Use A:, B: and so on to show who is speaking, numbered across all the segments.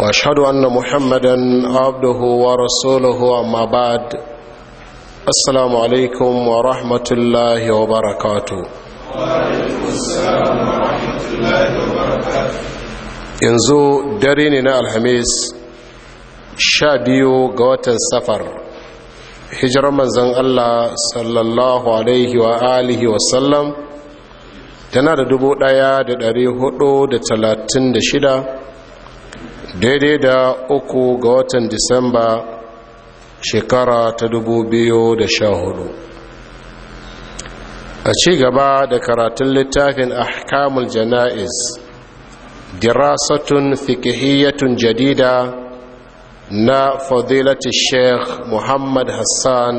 A: واشهد ان محمدا عبده ورسوله اما بعد السلام عليكم ورحمه الله وبركاته yanzu dare ne na alhamis sha biyu ga watan safar hijirar manzan allah sallallahu alaihi wa alihi wasallam tana da dubu daya da dari hudu da talatin da shida daidai da uku ga watan disamba shekara ta dubu biyu da sha hudu a ci gaba da karatun littafin ahkamul jana'iz dirasatun fikihiyatun jadida na fadilati sheikh muhammad hassan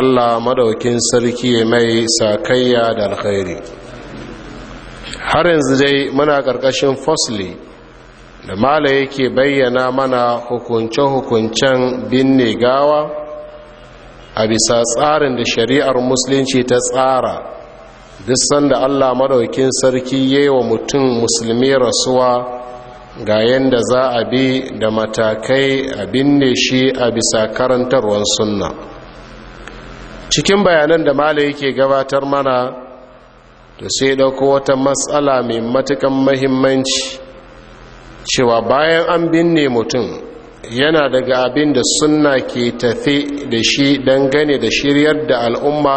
A: allah madaukin sarki mai sakayya da alkhairi har yanzu dai muna ƙarƙashin fosli da mala yake bayyana mana hukunce-hukuncen binne gawa a bisa tsarin da shari'ar musulunci ta tsara duk sanda allah maɗaukin sarki ya yi wa mutum musulmi rasuwa ga yadda za a bi da matakai a binne shi a bisa karantarwar sunna cikin bayanan da mala yake gabatar mana to sai dauko wata matsala mai matukan mahimmanci cewa bayan an binne mutum yana daga abin da sunna ke tafe da shi gane da shiryar da al'umma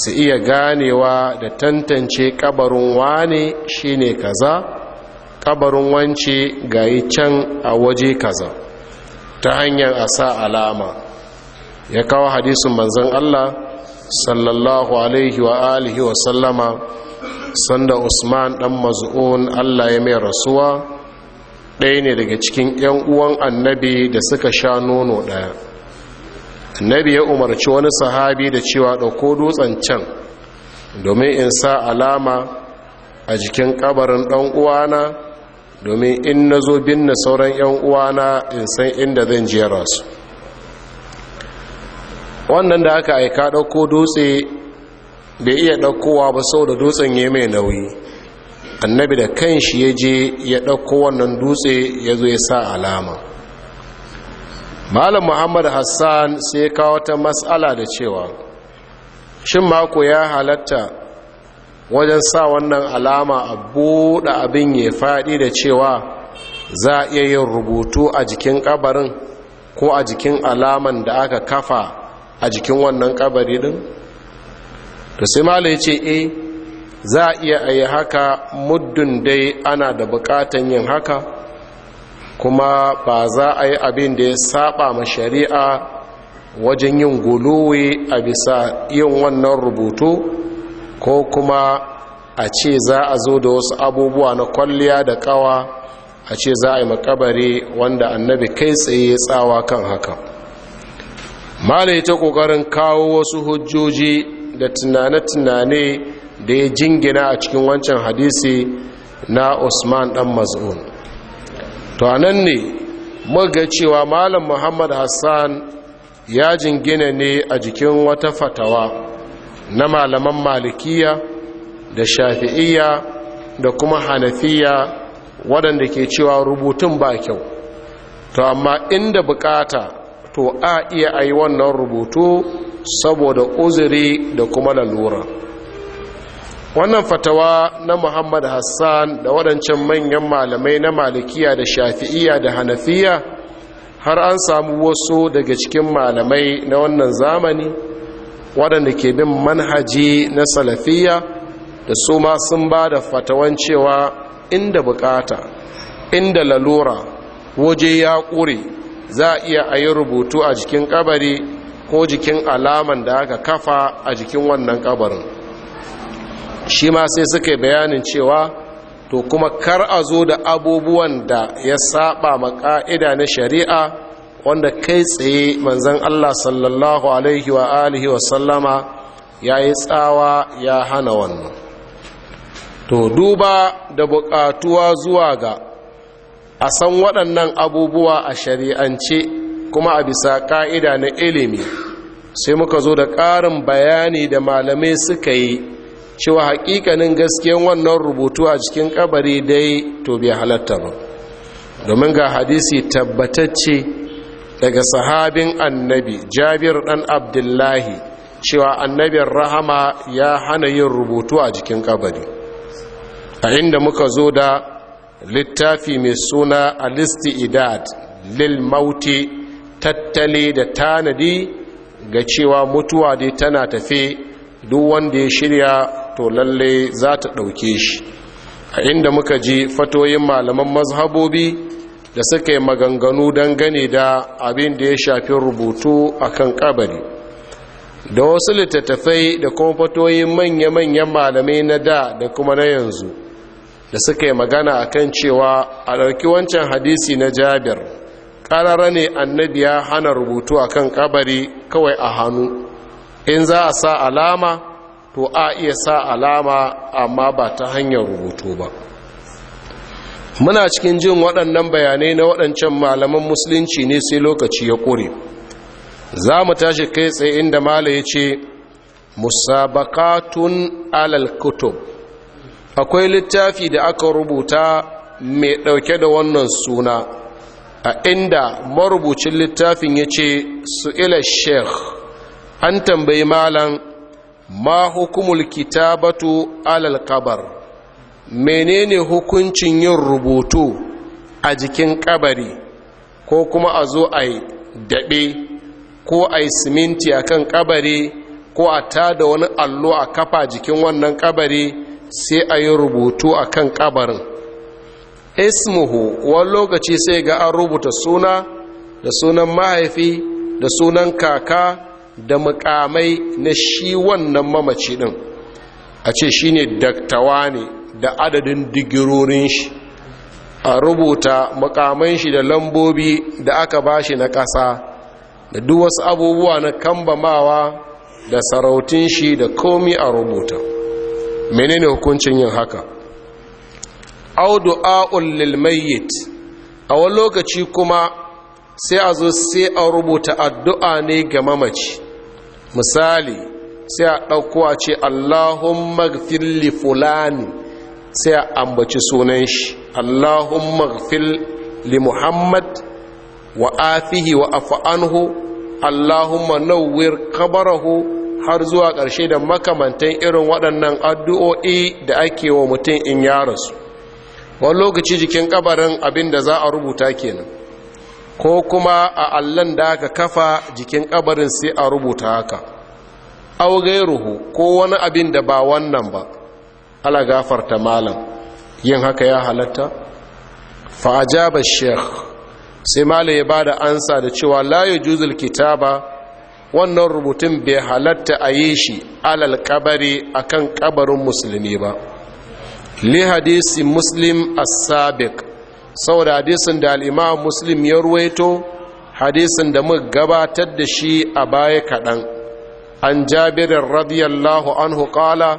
A: su iya ganewa da tantance kabarin wane shine kaza kabarin wance gayi can a waje kaza ta hanyar a sa alama ya kawo hadisin manzon Allah sallallahu alaihi wa alihi wa sallama sanda Usman dan mazu'un Allah ya mai rasuwa ɗaya ne daga cikin 'yan uwan annabi da suka sha nono ɗaya annabi ya umarci wani sahabi da cewa ɗauko dutsen can domin in sa alama a jikin ƙabarin ɗan uwana domin in na zo binne sauran 'yan uwana in san inda zan jera su wannan da aka aika ɗauko dutse bai iya ɗaukowa ba sau da dutsen ya mai nauyi annabi da kan shi ya je ya ɗauko wannan dutse ya zo ya sa alama malam muhammad hassan sai kawo ta matsala da cewa shin mako ya halatta wajen sa wannan alama a buɗe abin ya faɗi da cewa za a iya yin rubutu a jikin ƙabarin ko a jikin alaman da aka kafa a jikin wannan ƙabari ɗin? da sai malam ya ce eh za a iya a yi haka muddin dai ana da bukatan yin haka kuma ba za a yi abin da ya saba ma shari'a wajen yin guluwi a bisa yin wannan rubutu ko kuma a ce za a zo da wasu abubuwa na kwalliya da kawa a ce za a yi makabari wanda annabi kai tsaye tsawa kan haka malai ta kokarin kawo wasu hujjoji da tunane-tunane da ya jingina a cikin wancan hadisi na usman dan maz'un to anan ne muga cewa malam muhammad hassan ya jingina ne a jikin wata fatawa na malaman malikiya da shafi'iyya da kuma hanafiya waɗanda ke cewa rubutun ba kyau to amma inda bukata to a iya a yi wannan rubutu saboda uzuri da kuma lalura wannan fatawa na muhammad hassan da waɗancan manyan malamai na malikiya da shafi'iya da hanafiya har an samu wasu daga cikin malamai na wannan zamani waɗanda ke bin manhaji na salafiya da su ma sun ba da fatawan cewa inda bukata inda lalura waje ya ƙure za a iya a yi rubutu a jikin ƙabari ko jikin alaman da aka kafa a jikin wannan ƙabarin. shi ma sai suka yi bayanin cewa to kuma kar a zo da abubuwan da ya saba ma ƙa'ida na shari'a wanda kai tsaye manzan Allah sallallahu alaihi wa alihi wa sallama ya yi tsawa ya hana wannan to duba da buƙatuwa zuwa ga a san waɗannan abubuwa a shari'ance kuma a bisa ƙa'ida na ilimi sai muka zo da ƙarin bayani da malamai suka yi cewa hakikanin gaskiyan wannan rubutu a cikin kabari dai to bai halatta ba domin ga hadisi tabbatacce daga sahabin annabi jabir dan abdullahi cewa annabin rahama ya hana yin rubutu a cikin kabari a inda muka zo da littafi mai suna idad, lil mauti tattale da tanadi ga cewa mutuwa dai tana tafe duk wanda ya shirya to lalle za ta ɗauke shi a inda muka ji fatoyin malaman mazhabobi da suka yi maganganu dangane da abin da ya shafi rubutu a kan kabari da wasu littattafai da kuma fatoyin manya-manyan malamai na da da kuma na yanzu da suka yi magana a kan cewa a ɗauki wancan hadisi na jabir ƙarara ne annabi ya hana rubutu a kan ƙabari kawai a hannu in za a sa alama to a iya sa alama amma ba ta hanyar rubutu ba muna cikin jin waɗannan bayanai na waɗancan malaman musulunci ne sai lokaci ya ƙure za mu tashi kai tsaye inda mala ya ce musabakatun alalkutub akwai littafi da aka rubuta mai ɗauke da wannan suna a inda marubucin littafin ya ce su'ila sheikh an tambayi malam ma hukumul kitabatu alal kabar menene hukuncin yin rubutu a jikin kabari ko kuma a zo a yi daɓe ko a yi siminti a kan kabari ko a tada wani allo a kafa jikin wannan kabari sai a yi rubutu a kan kabarin ismuhu wani lokaci sai ga an rubuta suna da sunan mahaifi da sunan kaka da mukamai na shi wannan mamaci din a ce shi ne daktawa ne da adadin digirorin shi a rubuta mukaman shi da lambobi da aka ba shi na ƙasa da duk wasu abubuwa na kambamawa da sarautin shi da komi a rubuta menene hukuncin yin haka Audu a'ul lil mayyit a wani lokaci kuma sai a zo sai a rubuta addu'a ne ga mamaci misali sai a ɗauko a ce allahumma gfilli fulani sai a ambaci sunan shi allahumma gfilli muhammad wa afihi wa afa'anhu allahumma nawwir kabarahu har zuwa ƙarshe da makamantan irin waɗannan addu'o'i da ake wa mutum in ya rasu wani lokaci jikin ƙabarin abin da za a rubuta kenan ko kuma a allon da aka kafa jikin kabarin sai a rubuta haka au gairuhu ko wani abin da ba wannan ba ala gafarta malam yin haka ya halatta fa ajaba sheikh sai malam ya bada ansa da cewa la yujuzul kitaba wannan rubutun bai halatta a yi shi alal kabari akan kabarin musulmi ba li hadisi muslim as-sabiq saboda hadisin da al'imam muslim ya ruwaito hadisin da mu gabatar da shi a baya kaɗan an jabirin radiyallahu anhu ƙala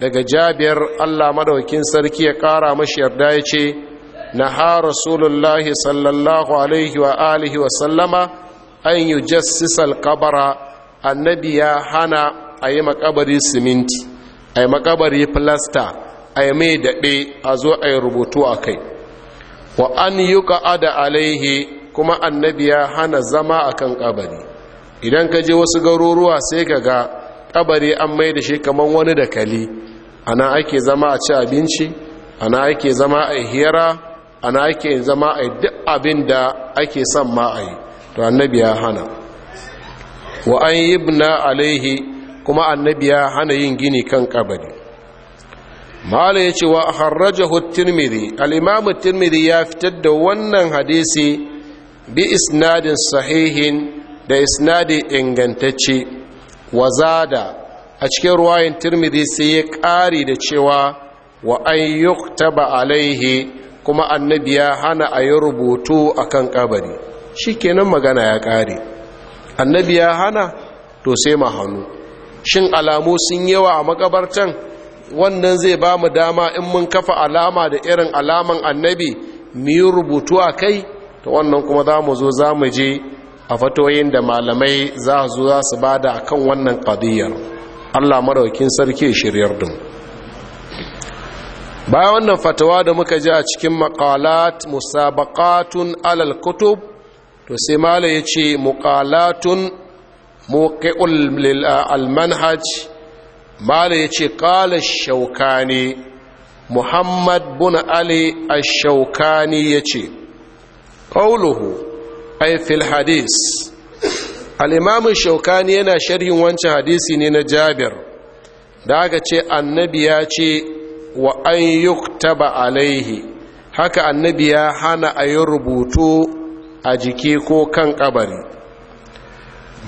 A: daga jabir allah madaukin sarki ya ƙara mashi yarda ya ce na ha rasulullahi sallallahu alaihi wa alihi wa sallama an yi jassisal kabara annabi ya hana a yi makabari siminti a yi makabari filasta a yi mai daɗe a zo a yi rubutu a kai wa an ada alaihe kuma annabi ya hana zama a kan ƙabari, idan ka je wasu garuruwa sai ka ga ƙabari an mai da shi kamar wani da kali ana ake zama a ci abinci ana ake zama a hira ana ake zama a duk abin da ake son ma a yi to annabi ya hana wa an ibna alaihe kuma annabi ya hana yin gini kan ƙabari. mala ya ce wa harrajahu tirmidhi al-imam ya fitar da wannan hadisi bi isnadin sahihin da isnadi ingantacce wazada a cikin ruwayin tirmidhi sai ya ƙari da cewa wa an yuktaba alaihi kuma annabi ya hana a yi rubutu a kan ƙabari shi kenan magana ya ƙare annabi ya hana to sai mahanu. shin alamu sun yawa a makabartan wannan zai ba mu dama in mun kafa alama da irin alaman annabi mu yi rubutu a kai ta wannan kuma za mu zo za mu je a fatoyin da malamai za su za su ba da kan wannan kadiyar. allah maraukin sarki shiryar dun bayan wannan fatawa da muka ji a cikin makalat musabakatun alal kutub to sai mala ya ce mukalatun muƙi'ul lil almanhaj mala ya ce ƙala shaukani muhammad bin ali a ashaukani ya ce ƙauluhu aifil hadis al'imamin shaukani yana sharhin wancan hadisi ne na jabir da aka ce annabi ya ce wa an yuktaba alaihi haka annabi ya hana a yi rubutu a jiki ko kan kabari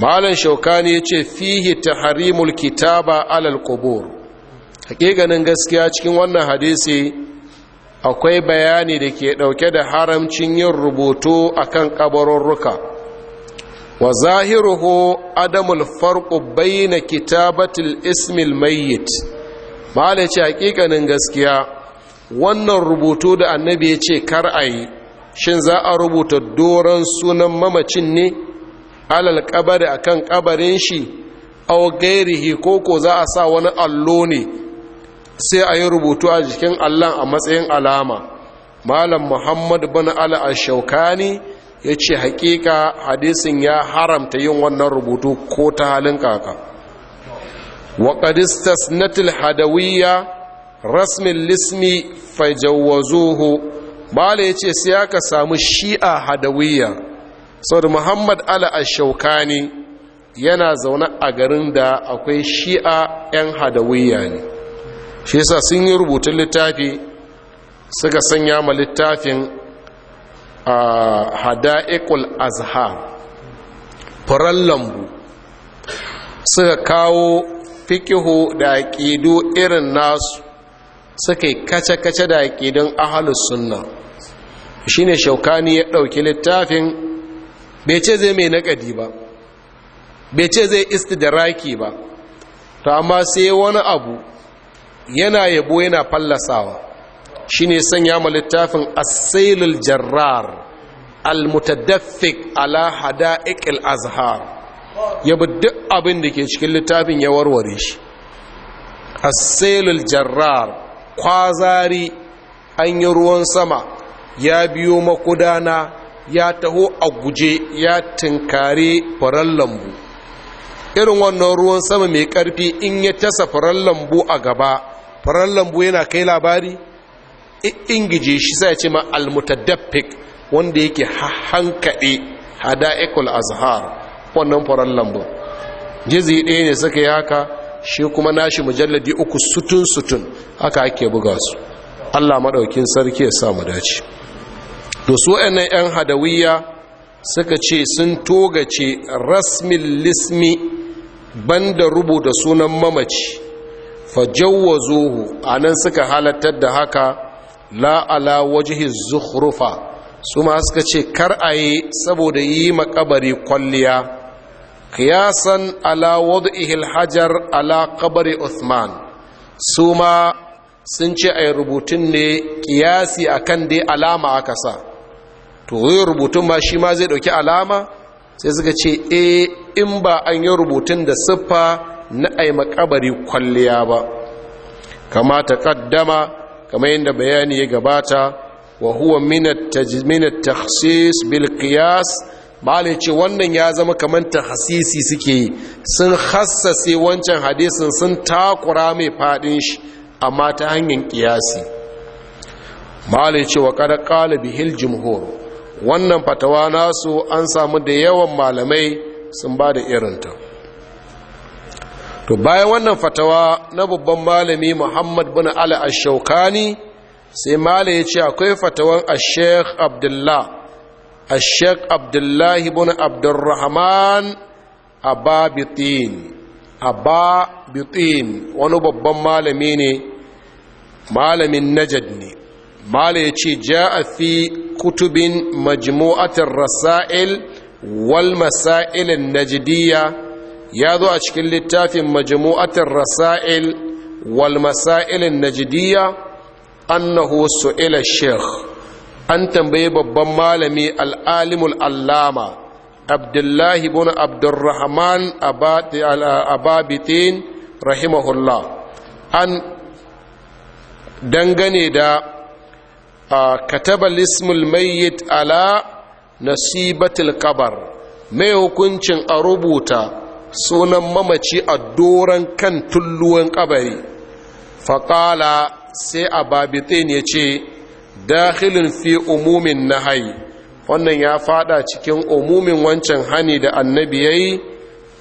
A: malam shaukani ya ce fihi ta harimul kitaba alal kubur hakikanin gaskiya cikin wannan hadisi akwai bayani da ke ɗauke da haramcin yin rubutu kan ƙabarurruka. wa zahiruhu adamul farko bayyana kitabatul ismil mayyit malam ce hakikanin gaskiya wannan rubutu da annabi ya ce kar a yi shin za a rubuta doron sunan mamacin ne alal kabari akan kabarin shi a gairihi ko ko za a sa wani allo ne sai a yi rubutu a jikin allon a matsayin alama malam Muhammadu bin ala ashaukani ya ce hakika hadisin ya haramta yin wannan rubutu ko ta halin kaka waƙadistas natil hadawiyya rasmin lismi fajawazuhu bala ya ce sai aka samu shi'a hadawiyya saboda muhammad ala ashaukani yana zaune a garin da akwai shi'a 'yan hadawiyya ne shi yasa sun yi rubutun littafi suka sanya ma littafin a hada'ikul azhar furen lambu suka kawo fikihu da aƙidu irin nasu suka yi kace-kace da aƙidun ahalus sunna shine shaukani ya ɗauki littafin bai ce zai mai naƙadi ba bai ce zai da isti raki ba to amma sai wani abu yana yabo yana fallasawa Shi ne sanya ma littafin asailul jarrar almutadaffik ala hada'iq al-azhar yabi duk abin da ke cikin littafin ya warware shi asailul jarrar kwazari an yi ruwan sama ya biyo makudana ya taho a guje ya tinkare faran lambu irin wannan ruwan sama mai ƙarfi in ya tasa faran lambu a gaba faran lambu yana kai labari ingije shi sai ce ma almutadaffik wanda yake hankaɗe hada'ikul azhar wannan faran lambu jizi ɗaya ne suka yi haka shi kuma nashi mujalladi uku sutun sutun haka ake buga su allah maɗaukin sarki ya sa mu dace to su 'yan hadawiyya suka ce sun togace rasmin lismi banda rubuta sunan mamaci zuhu a nan suka halattar da haka la'ala wajihi zukhrufa su ma suka ce kar a yi saboda yi makabari kwalliya kiyasan ala ihil hajar ala kabari uthman su ma sun ce a yi rubutun ne kiyasi akan dai alama aka sa to zai rubutun ma shi ma zai dauki alama sai suka ce e in ba an yi rubutun da siffa na yi maƙabari kwalliya ba kama ta kaddama kama yadda bayani ya gabata wa huwa minat takhsis bil qiyas bale ce wannan ya zama kamar tahsisi suke sun hassase wancan hadisin sun takura mai fadin shi amma ta hanyar kiyasi ce cewa kada kala bihil jumhur wannan fatawa nasu an samu da yawan malamai sun ba da irinta to bayan wannan fatawa na babban malami muhammad bin ala ashaukani sai mala ya ce akwai fatawan ashek abdullah ashek abdullahi bin abdurrahman a babitin wani babban malami ne malamin najad ne mala ya ce a fi kutubin majmu'atar rasa'il wal masailin najidiyya ya zo a cikin littafin majmu'atar rasa'il wal masailin najidiyya annahu su'ila sheikh an tambaye babban malami al'alimul allama abdullahi bin abdurrahman ababitin rahimahullah an dangane da kataba lismul mayyit ala nasibatil kabar mai hukuncin a rubuta sunan mamaci a doron kan tulluwan kabari faƙala sai a babitin ya ce dakhilin fi umumin nahayi wannan ya fada cikin umumin wancan hani da annabi yayi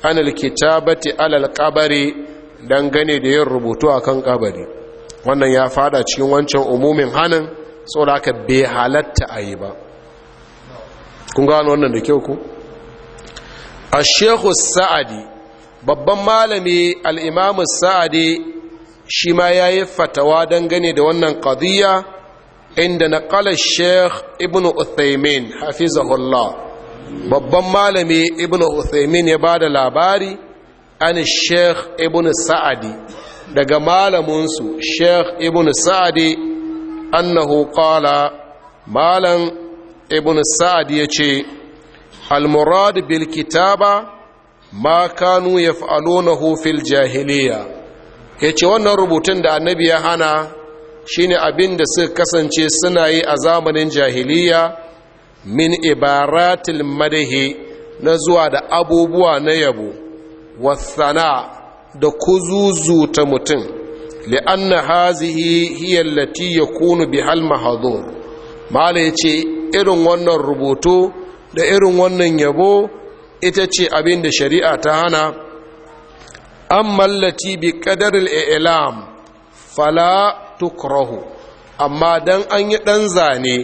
A: anil kitabati alal kabari dangane da yin rubutu akan kabari wannan ya fada cikin wancan umumin hanin saboda haka bai halatta a yi ba kun gano wannan da kyau ku a shehu sa'adi babban malami al'imamu sa'adi shi ma ya yi fatawa dangane da wannan ƙadiyya inda na ƙalar sheikh ibn uthaymin hafizahullah babban malami ibn uthaymin ya ba da labari an sheikh ibn sa'adi daga malaminsu sheikh ibn sa'adi annahu qala malam ibn sa'ad yace al murad bil kitaba ma kanu yaf'alunahu fil jahiliya yace wannan rubutun da annabi ya hana shine abin da suka kasance suna yi a zamanin jahiliya min ibaratil madahi na zuwa da abubuwa na yabo wasana da kuzuzuta mutum li'anna hazihi hiya allati yakunu bihal mahdhur mala yace irin wannan rubutu da irin wannan yabo ita ce abin da shari'a ta hana amma allati bi qadaril i'lam fala tukrahu amma dan an yi dan zane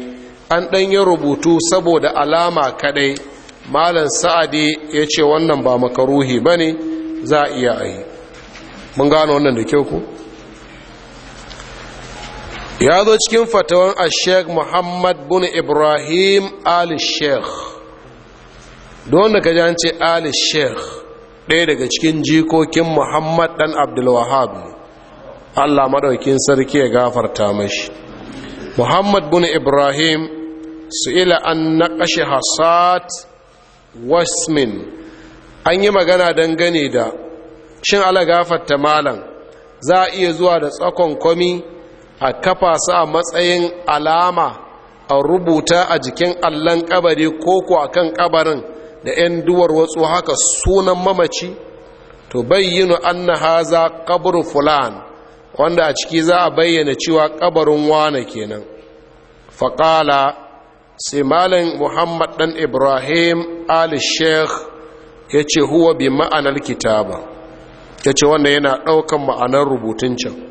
A: an dan yi rubutu saboda alama kadai malam sa'adi ya ce wannan ba makaruhi bane za a iya yi mun gano wannan da kyau ku ya zo cikin fatawan a ashek muhammad bin ibrahim al-sheikh don da kaji ce al-sheikh ɗaya daga cikin jikokin muhammad ɗan abdulwahab allah maɗaukin sarki ya gafarta mashi muhammad bin ibrahim su ila an naƙashe hassad wasmin an yi magana dangane da shin ala gafarta malam za a iya zuwa da tsakon kwami a kafa su a matsayin alama a rubuta a jikin allon kabari ko ko a kan kabarin da 'yan duwar watsu haka sunan mamaci to bayyana anna haza kabarin fulan wanda a ciki za a bayyana cewa kabarin wane kenan faƙala sai malin muhammad Ɗan ibrahim ali sheikh ya ce huwa bi ma'anar kitaba ya ce wanda yana ɗaukan ma'anar rubutun can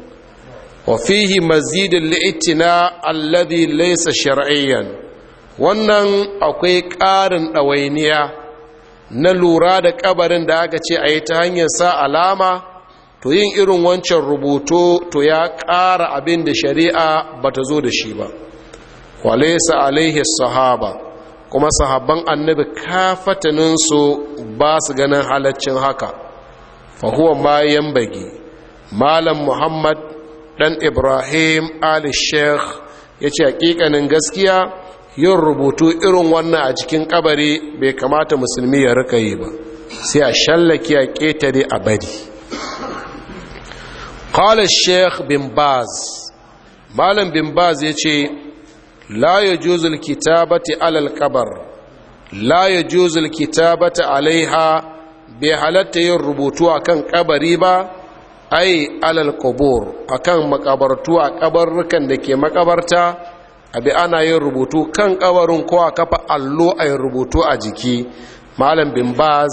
A: wa مزيد mazidin الذي ليس شرعيا wannan akwai ƙarin ɗawainiya na lura da ƙabarin da aka ce a yi ta hanyar sa alama to yin irin wancan rubutu to ya ƙara abin da shari'a ta zo da shi ba wa alaihi sahaba kuma sahabban annabi kafataninsu ba su ganin halaccin haka huwa bayan bagi malam muhammad ɗan ibrahim ali sheikh ya ce hakikanin gaskiya yin rubutu irin wannan a cikin kabari bai kamata musulmi ya rika yi ba sai a shallaki a ƙetare a bari ƙala Sheik bin baz malam bin baz ya ce la ya juzul kitabati alal kabar la ya juzul kitabata alaiha bai halatta yin rubutu a kan kabari ba ai alal a akan makabartu a kabarrukan da ke makabarta abi ana yin rubutu kan kabarin ko a kafa allo a yin rubutu a jiki malam bin baz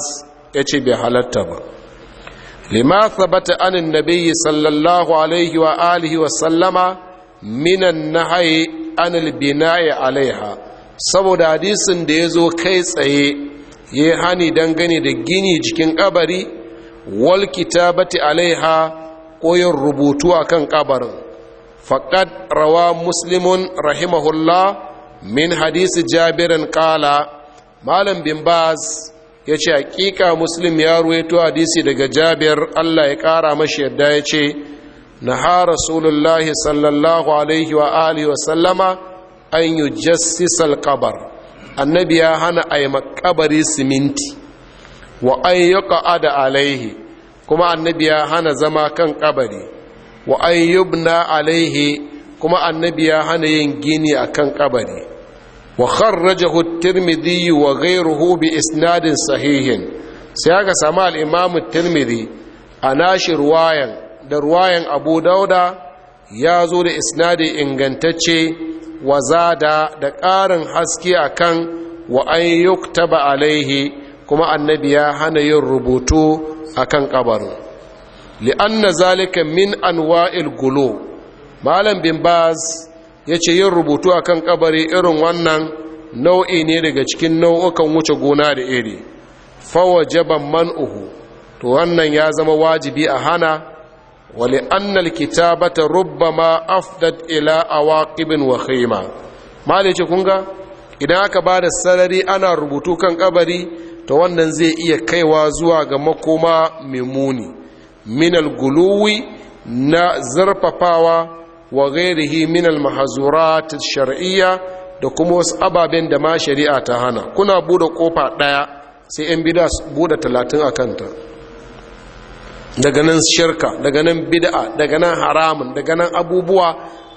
A: ya ce bai halatta ba lima thabata anin nabiyyi sallallahu alaihi wa alihi wa sallama minan nahyi anil bina'i alaiha saboda hadisin da ya zo kai tsaye ya hani dangane da gini jikin kabari wal kitabati alaiha koyon rubutu rubutu akan kabarin faƙad rawa muslimun rahimahullah min hadisi jabirin kala malam bin baz ya ce hakika muslim ya ruwaito hadisi daga jabir allah ya kara mashi yadda ya ce na ha rasulullahi sallallahu alaihi wa alihi wa sallama an yi jassisal kabar annabi ya hana a yi makabari siminti wa an yuqa'ada alaihi kuma annabi ya hana zama kan ƙabari wa an alaihe alaihi kuma annabi ya hana yin gini akan ƙabari wa kharrajahu tirmidhi wa ghayruhu bi isnadin sahihin sai aka samu al'imamu imam a tirmidhi ruwayan da ruwayan abu dauda ya zo da isnadi ingantacce wa zada da ƙarin haske akan wa an yi alaihi kuma annabi ya hana yin rubutu a akan kabarin li'anna zalika min anwa'il gulo malam bin baz ce yin rubutu a kan ƙabari irin wannan nau'i ne daga cikin nau'ukan wuce gona da iri man uhu. to wannan ya zama wajibi a hana wa li'anna ta rubbama afdat ila awaqibin wa khayma malai ce idan aka ba da sarari ana rubutu kan ƙabari. to wannan zai iya kaiwa zuwa ga makoma mai muni minal guluwi na zarfafawa wa gairihi minal mahazurat shar'iyya da kuma wasu ababen da ma shari'a ta hana kuna bude kofa daya sai yan bida bude talatin a kanta daga nan shirka daga nan bid'a daga nan haramun daga nan abubuwa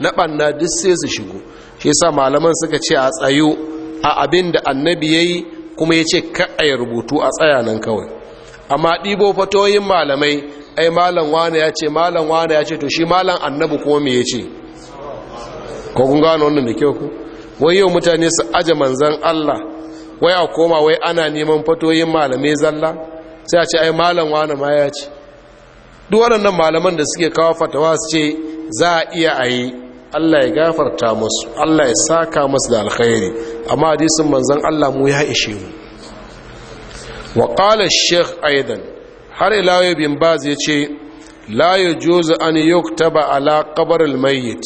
A: na ɓanna duk sai su shigo shi yasa malaman suka ce a tsayo a abin da annabi yayi kuma ya ce ka'a rubutu a tsaya nan kawai amma ɗibo fatoyin malamai ai malam wane ya ce malam wane ya ce to shi malam annabi kuma me ya ce ko kun gano wannan da kyau ku wai yau mutane su aji manzan Allah wai a koma wai ana neman fatoyin malamai zalla sai a ce ai malam wane ma ya ce duk waɗannan malaman da suke kawo fatawa su ce za a iya a yi Allah ya gafarta musu Allah ya saka musu da alkhairi amma hadisin manzon Allah mu ya ishe mu wa qala ash-shaykh aidan har ila yau bin baz yace la yajuzu an yuktaba ala qabr al-mayyit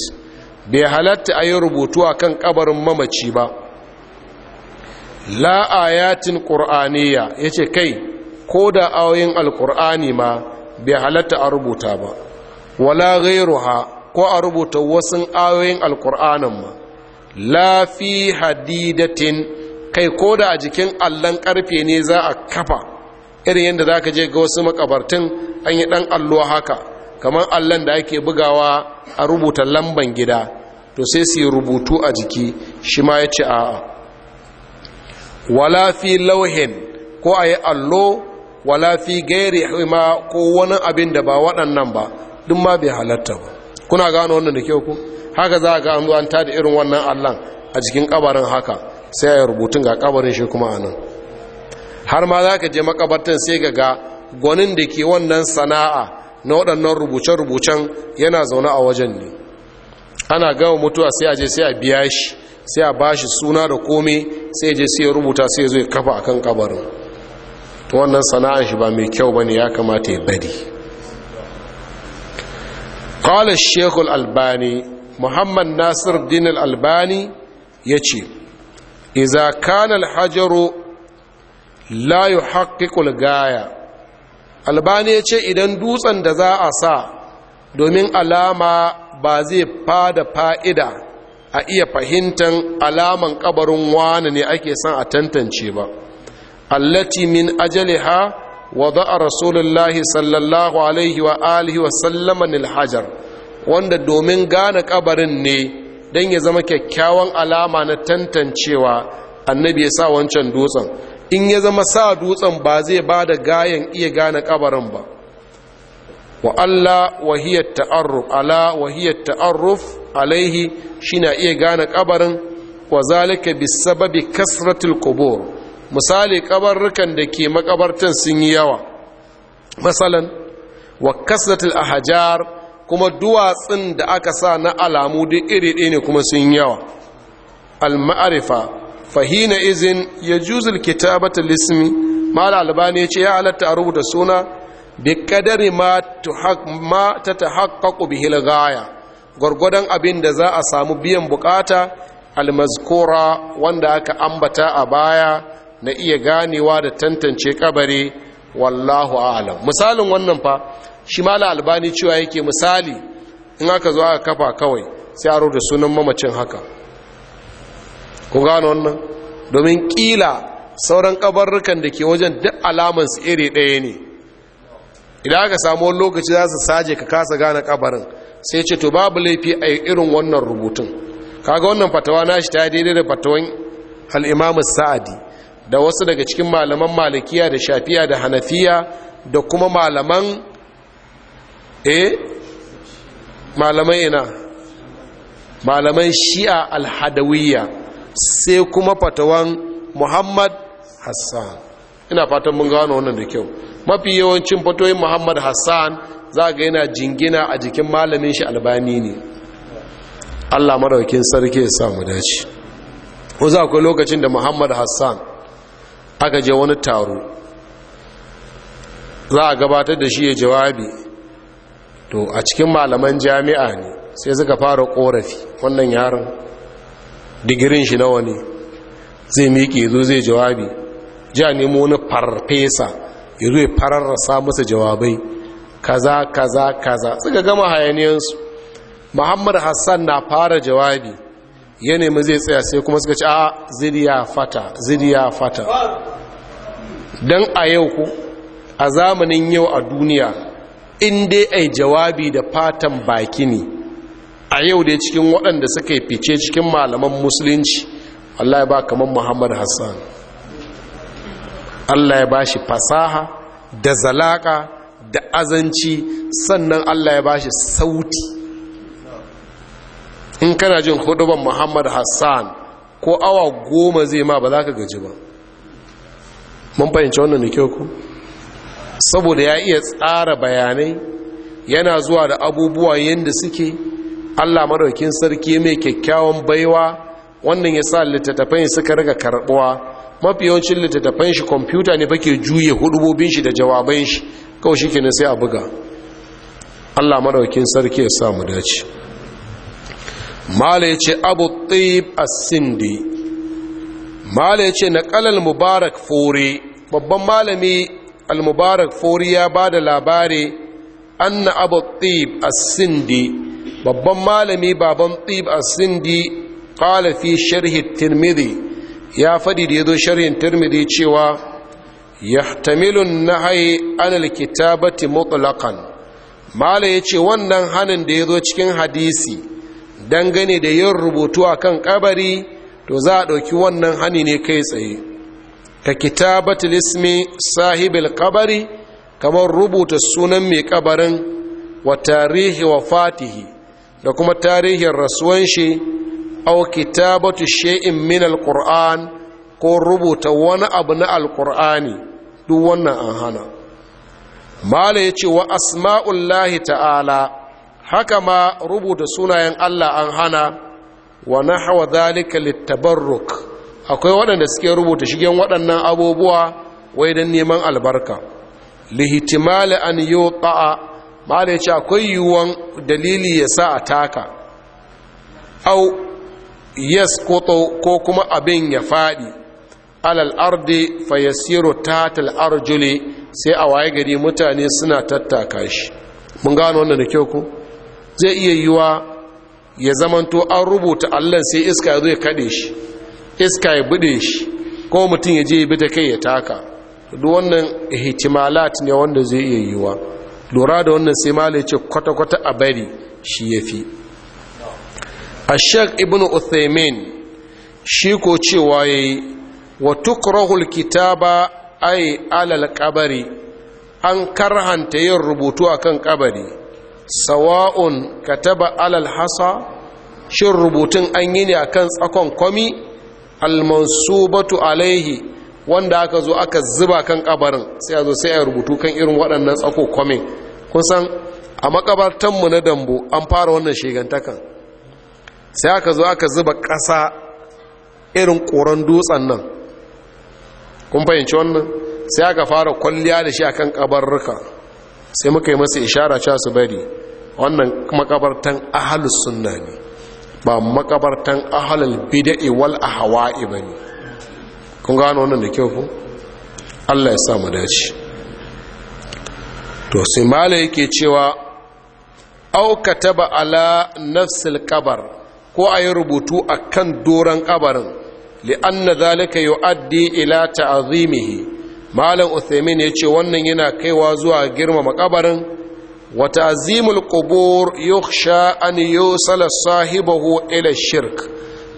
A: bai halatta ay rubutu akan kabarin mamaci ba la ayatin qur'aniyya yace kai ko da ayoyin qurani ma bai halatta a rubuta ba wala ghayruha ko a rubuta wasu ayoyin alkur'anin ma lafi hadidatin kai ko da a jikin allon karfe ne za a kafa irin yadda za ka je ga wasu makabartun an yi dan allo haka kamar allon da ake bugawa a rubuta lamban gida to sai su yi rubutu a jiki shi ma ya ce a'a wala fi lauhin ko a yi allo wala fi gairi ma ko wani abin da ba waɗannan ba duk ma bai halatta ba kuna gano wannan da ke ku haka za ga an zo an tada irin wannan allan a jikin kabarin haka sai ya rubutun ga kabarin shi kuma anan har ma za ka je makabartan sai ga ga gwanin da ke wannan sana'a na waɗannan rubuce-rubucen yana zaune a wajen ne ana gawa mutuwa sai a je sai a biya shi sai a ba shi suna da komai sai je sai rubuta sai zo ya kafa akan kabarin wannan sana'an shi ba mai kyau ba ne ya kamata ya bari ƙalar shekul albani muhammad nasir din albani ya ce iza kanal layu haƙiƙul albani ya ce idan dutsen da za a sa domin alama ba zai fada fa'ida a iya fahimtar alaman kabarin wani ne ake son a tantance ba allati min ajaliha wada'a rasulullahi sallallahu alaihi wa wa sallama nil wanda domin gane kabarin ne don ya zama kyakkyawan alama na tantancewa annabi ya sa wancan dutsen in ya zama sa dutsen ba zai ba da gayan iya gane kabarin ba wa Allah wahiyar ta'arruf ala wahiyar ta'arruf alaihi shi na iya gane kabarin wa zalika bisababi kasratul qubur misali kabarrukan da ke makabartan sun yi yawa masalan wa kasratul ahjar kuma duwatsun da aka sa na alamu duk iri ɗaya ne kuma sun yi yawa al ma'arifa fahina izin ya juzul kitabatul ismi mala albani ya ce ya halatta a rubuta suna bi kadari ma ta ta bihi al hilgaya. gwargwadon abin da za a samu biyan bukata almazkura wanda aka ambata a baya na iya ganewa da tantance kabari wallahu a'lam misalin wannan fa shi mala albani cewa yake misali in aka zo aka kafa kawai sai aro da sunan mamacin haka ku gano wannan domin kila sauran kabarrukan da ke wajen duk alaman su iri ɗaya ne idan aka samu wani lokaci za su saje ka kasa gane kabarin sai ce to babu laifi a irin wannan rubutun kaga wannan fatawa shi ta daidai da fatawan al sa'adi da wasu daga cikin malaman malikiya da shafiya da hanafiya da kuma malaman eh malaman ina malaman shi'a alhadawiyya sai kuma fatawan muhammad hassan ina fatan mun gano wannan da kyau mafi yawancin fatoyin muhammad hassan za ga yana jingina a jikin malamin shi albani ne allah maraukin sarki ya samu dace ko za akwai lokacin da muhammad hassan aka je wani taro za a gabatar da shi ya jawabi to a cikin malaman jami'a ne sai suka fara korafi wannan yaron digirin shi nawa ne zai miƙe zo zai jawabi ja nemo wani farfesa ya zo ya fararrasa masa jawabai kaza kaza kaza suka gama hayaniyansu muhammad hassan na fara jawabi ya nemi zai tsaya sai kuma suka ce a ziriya fata ziriya fata don a yau ku a zamanin yau a duniya in dai ai jawabi da fatan baki ne a yau dai cikin waɗanda suka yi fice cikin malaman musulunci Allah ya ba kamar Muhammad Hassan Allah ya ba shi fasaha da zalaka da azanci sannan Allah ya ba shi sauti in kana jin hudubar muhammad hassan ko awa goma zai ma ba za ka gaji ba mun fahimci wannan da kyau ku saboda ya iya tsara bayanai yana zuwa da abubuwa yadda suke allah maraukin sarki mai kyakkyawan baiwa wannan ya sa littattafai suka riga karbuwa mafi yawancin littattafan shi kwamfuta ne ke juye hudubobin shi da jawaban shi kawai shi kenan sai a buga allah maraukin sarki ya sa mu dace mala ya ce abu tsib a sindi mala ya ce na kalal mubarak fure babban malami al-mubarak ya ba da labari anna abu tsib a sindi babban malami baban tsib a sindi kalafi fi sharhi tirmidhi ya faɗi da yazo sharhin tirmidhi cewa yahtamilun an al-kitabati mutlaqan mala ce wannan hannun da yazo cikin hadisi dangane da yin rubutu a kan kabari to za a ɗauki wannan hani ne kai tsaye ka kitabatul ismi sahibil kabari kamar rubuta sunan mai kabarin wa tarihi wa fatihi da kuma tarihin rasuwan shi au kitabatu she'in min alquran ko rubuta wani abu na alqur'ani duk wannan an hana mala yace wa asma'ullahi ta'ala haka ma rubuta sunayen Allah an hana wa na hawa zalika littabarruk akwai waɗanda suke rubuta shigen waɗannan abubuwa wai don neman albarka lihitimali an yuqa ma da ce akwai yiwuwan dalili ya sa a taka au koto ko kuma abin ya faɗi alal ardi fayasiru tatal arjuli sai a waye gari mutane suna tattaka shi mun gano wannan da kyau ko zai iya yiwa ya zamanto an rubuta allon sai iska ya zo ya kaɗe shi iska ya buɗe shi ko mutum ya je ya bita kai ya taka duk wannan hitimalat ne wanda zai iya yiwa lura da wannan sai mala ya ce kwata-kwata a bari shi ya fi a shek ibn uthaymin shi ko cewa ya yi wa tukrahul kitaba ai alal kabari an karhanta yin rubutu a kan kabari sawa'un kataba alal hasa shin rubutun an yi ne akan tsakon kwami almansubatu alaihi wanda aka zo aka zuba kan kabarin sai a zo sai a rubutu kan irin waɗannan tsako kwamin kun san a makabartanmu na dambo an fara wannan shigantakan sai aka zo aka zuba ƙasa irin ƙoron dutsen nan kun fahimci wannan sai aka fara kwalliya da shi akan kabarruka sai muka yi masa ishara cewa su bari wannan makabartan ahalus sunna ne ba makabartan ahalul bid'i wal ahwa'i bane kun gano wannan da kyau ko Allah ya sa mu dace to sai mala yake cewa au kataba ala nafsil qabr ko ayi rubutu akan doran kabarin li anna zalika yuaddi ila ta'zimihi malam uthaymin ya ce wannan yana kaiwa zuwa girmama kabarin wa ta'zimul qubur yukhsha an yusala sahibahu ila shirk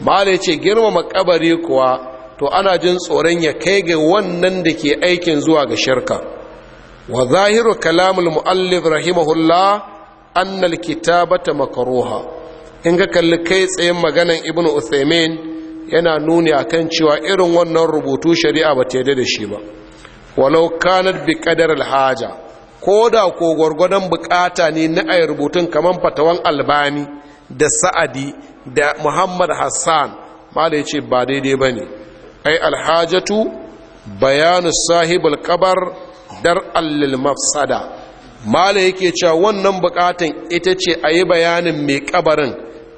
A: malam ya ce girmama kabari kuwa to ana jin tsoron ya kai ga wannan da ke aikin zuwa ga shirka wa zahiru kalamul muallif rahimahullah annal kitabata makruha in ga kalli kai tsayin maganan ibnu uthaymin yana nuni akan cewa irin wannan rubutu shari'a ba ta yarda da shi ba walau kanar bi kadar alhaja ko da ko gwargwadon bukata ne na ayar rubutun kamar fatawan albani da sa'adi da muhammad hassan da ya ce ba daidai ba ne ai alhajatu bayanu sahibul ƙabar dar allil mafsada mala yake cewa wannan bukatan ita ce a yi bayanin mai kabarin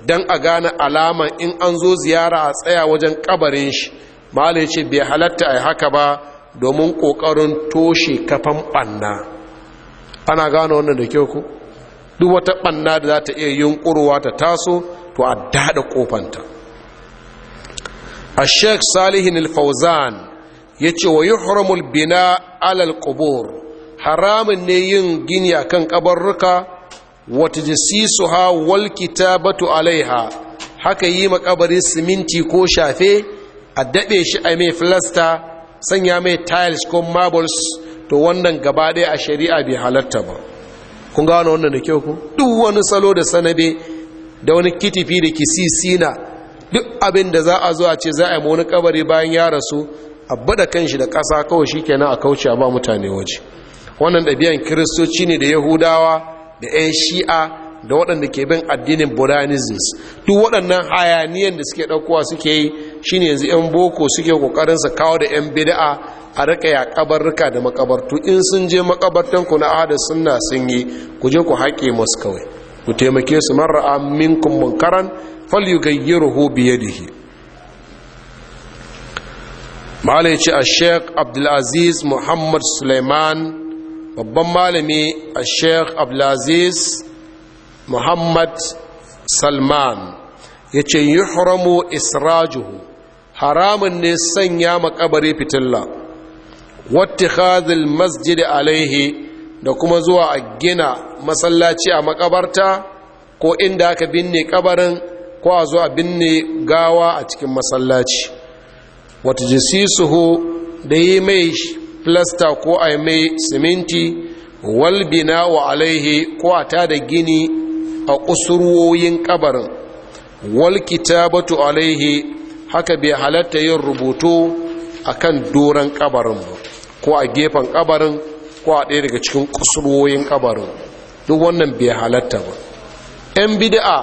A: don a gane alaman in an zo ziyara a tsaya wajen kabarin shi da ya ce bai halatta a haka ba domin kokarin toshe kafan ɓanna ana gano wannan da kyau ku duk wata ɓanna da za ta iya yunƙurwa ta taso to a daɗa ƙofanta a sheik salihin alfauzan ya ce wa yuhramul bina alal qubur haramun ne yin gini a kan ƙabarruka wata ha wal batu alaiha haka yi makabari siminti ko shafe a daɓe shi a mai filasta sanya mai tiles ko marbles to wannan gaba ɗaya a shari'a bai halatta ba kun gano wannan da kyau ku duk wani salo da sanabe da wani kitifi da kisisina duk abin da za a zo a ce za a yi wani kabari bayan ya rasu a bada kanshi da ƙasa kawai shi kenan a kauce ba mutane waje wannan ɗabi'an kiristoci ne da yahudawa da 'yan shi'a da waɗanda ke bin addinin budanisms duk waɗannan hayaniyan da suke ɗaukowa suke yi shine yanzu yan boko suke kokarin su kawo da yan bida'a a rika ya kabarruka da makabartu in sun je makabartan ku na ahadus suna sun yi ku je ku haƙe musu kawai ku taimake su mar'a minkum munkaran falyughayyiruhu biye da shi ce a sheikh abdulaziz muhammad suleiman babban malami a sheikh abdulaziz muhammad salman ya ce yi haramu israjuhu haramun ne sanya makabari fitilla wattikhadhil masjid alaihi da kuma zuwa a gina masallaci a makabarta ko inda aka binne kabarin ko a zuwa binne gawa a cikin masallaci wata jisisuhu da yi mai plasta ko a mai siminti walbina wa alaihi ko a ta da gini a kusurwoyin kabarin walkita kitabatu alaihi haka bai halatta yin rubutu a kan doron kabarin ba ko a gefen kabarin ko a ɗaya daga cikin kusurwoyin kabarin duk wannan bai halatta ba 'yan bida'a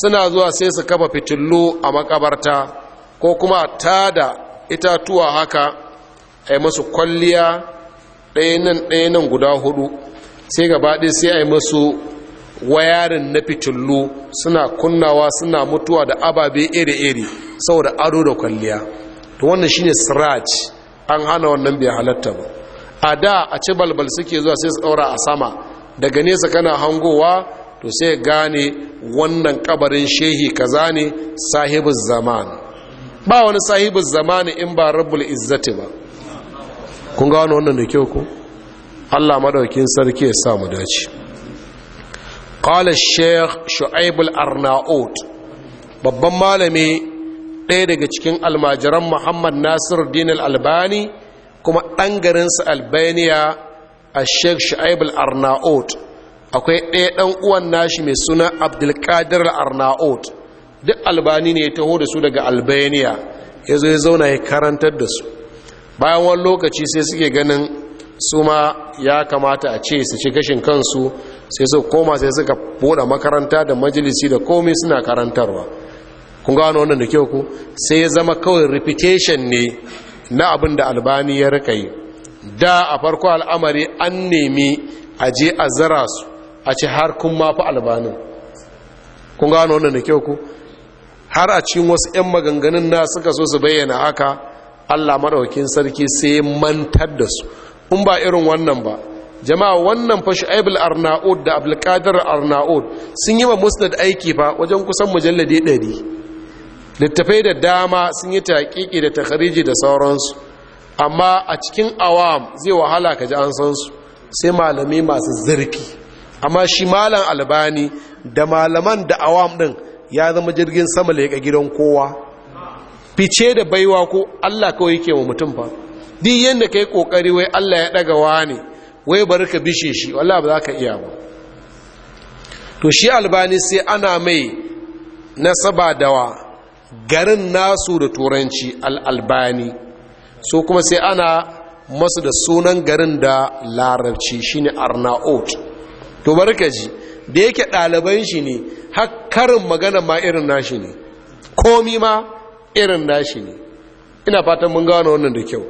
A: suna zuwa sai su kafa fitillo a makabarta ko kuma ta da itatuwa haka a yi masu kwalliya ɗaya nan ɗaya nan guda hudu sai gaba ɗaya sai a yi masu wayarin na fitullu suna kunnawa suna mutuwa da ababe iri-iri saboda ado da kwalliya to wannan shine siraj an hana wannan bai halatta ba a da a ci balbal suke zuwa sai su daura a sama daga nesa kana hangowa to sai gane wannan kabarin shehi kaza ne sahibin zaman ba wani sahibin zaman in ba rabbul izzati ba kun gano wannan da kyau ko Allah madaukin sarki ya sa mu dace قال sheikh شعيب arnaut babban malami ɗaya daga cikin almajiran muhammad nasir din albani kuma ɗan garinsa albaniya a sheikh al arnaut akwai ɗaya ɗan uwan nashi mai suna abdulkadir arnaut duk albani ne ya taho da su daga albaniya ya zo ya zauna ya karantar da su bayan wani lokaci sai suke ganin su ma ya kamata a ce su ci gashin kansu sai su koma sai suka bude makaranta da majalisi da komai suna karantarwa kun gano wannan da kyau ku sai ya zama kawai reputation ne na abin da albani ya rika yi da a farko al'amari an nemi a je a zara su a ci har kun mafi albanin kun gano wannan da kyau ku har a cikin wasu 'yan maganganun na suka so su bayyana haka allah maɗaukin sarki sai mantar da su in ba irin wannan ba jama'a wannan fa shu'aib al-arnaud da abul qadir arnaud sun yi wa musnad aiki fa wajen kusan mujallade ɗari. littafai da dama sun yi taqiqi da takhriji da sauransu amma a cikin awam zai wahala ka ji an san su sai malami masu zurfi amma shi malam albani da malaman da awam ɗin ya zama jirgin sama leƙa gidan kowa fice da baiwa ko Allah kawai ke wa mutum fa duk yanda kai kokari wai Allah ya daga wani wai bari ka bishe shi wala ba za ka iya ba to shi albani sai ana mai nasaba dawa garin nasu da turanci al'albani so kuma sai ana masu da sunan garin da larabci shine arnaut to ka ji da yake ɗaliban shi ne hakkarin magana ma irin nashi ne komi ma irin nashi ne ina fatan mun gano wannan da kyau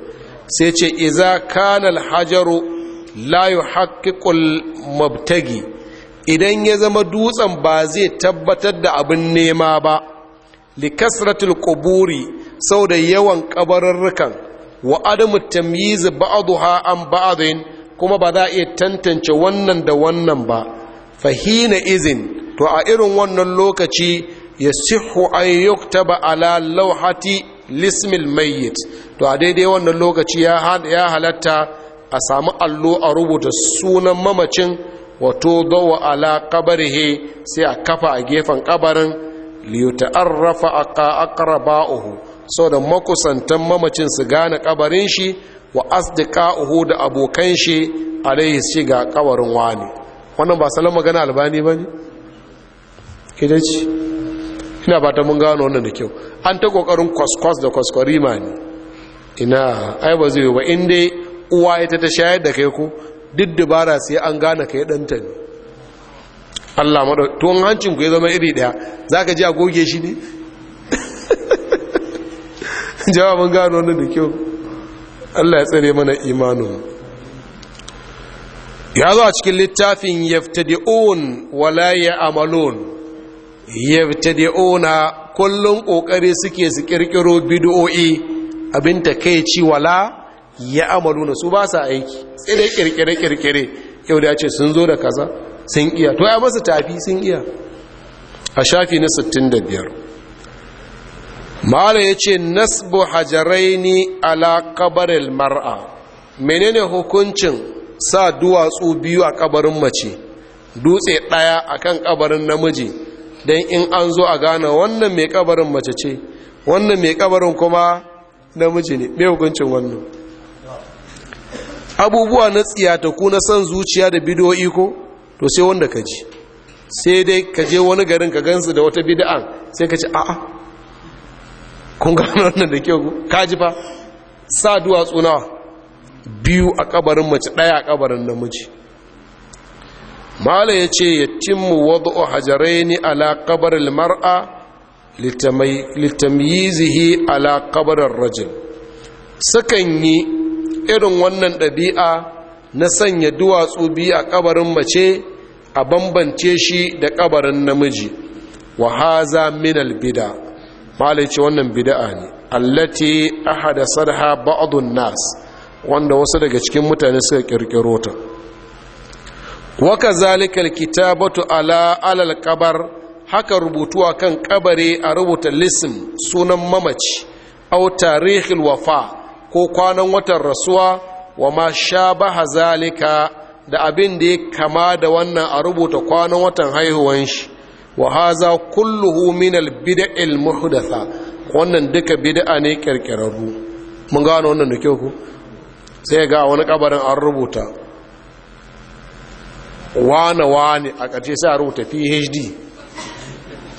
A: sai ce iza kanal hajaru la haƙiƙul mabtagi idan ya zama dutsen ba zai tabbatar da abin nema ba likasratul sau da yawan ƙabarurrukan wa adamu tamyizu ha an ba'adin, kuma ba za a iya tantance wannan da wannan ba fahina izin to a irin wannan lokaci ya yasihu an yuktaba ala lauhati lismil mayyit to a daidai wannan lokaci ya halatta a sami allo a rubuta sunan mamacin wato dawa ala kabarihe sai a kafa a gefen kabarin ba'uhu, sau da makusantan mamacin su gane kabarin shi wa uhu da abokan shi alaihi shi ga kabarin wani wannan ba salon magana albani ne. ita ce ina ba ta mun gano wannan da kyau an ta kokarin kwaskwas da kwaskwarima ne ina ai ba zai ba in dai uwa ita ta shayar da kai ko duk dubara sai an gane kai ɗanta ne Allah maɗau tuwon hancin ku ya zama iri ɗaya za ji a goge shi ne jawabin gano wani da kyau Allah ya tsare mana imanin ya zo a cikin littafin yaftadi'un wala ya amalon yaftadi'una kullum ƙoƙari suke su ƙirƙiro bidiyo'i abin ta kai ci wala ya amalu na su ba sa aiki dai kirkire kirkire yau da ce sun zo da kaza sun iya to ya masu tafi sun iya a shafi na 65 mala ya ce nasbu hajaraini ala kabaril mar'a menene hukuncin sa duwatsu biyu a kabarin mace dutse ɗaya akan kabarin namiji don in an zo a gane wannan mai kabarin mace ce wannan mai kabarin kuma namiji ne mai hukuncin wannan abubuwa na tsiyataku na san zuciya da bidoyi ko to sai wanda ka ji sai dai ka je wani garin ka gansu da wata bid'an sai ka ci a'a kun gano wannan da kyau ka ji fa sa duwatsu nawa biyu a kabarin mace daya a kabarin namiji mala ya ce ya timmu o hajaraini ala kabarin mar'a litamyizihi ala kabarin rajin sukan yi irin wannan ɗabi'a na sanya duwatsu biyu a ƙabarin mace a bambance shi da ƙabarin namiji wa haza min albida ce wannan bid'a ne allati ahadathaha ba'dun nas wanda wasu daga cikin mutane suka kirkiro ta wa kazalika alkitabatu ala alal kabar haka rubutuwa kan kabare a rubuta lism sunan mamaci au tarihil wafa ko kwanan watan rasuwa wa ma sha baha zalika da abin da ya kama da wannan a rubuta kwanan watan haihuwan shi wa haza kulluhu min albid'il muhdatha wannan duka bid'a ne kirkirarru mun gano wannan da kyau ku sai ga wani kabarin an rubuta wane wane a ƙarshe sai a rubuta phd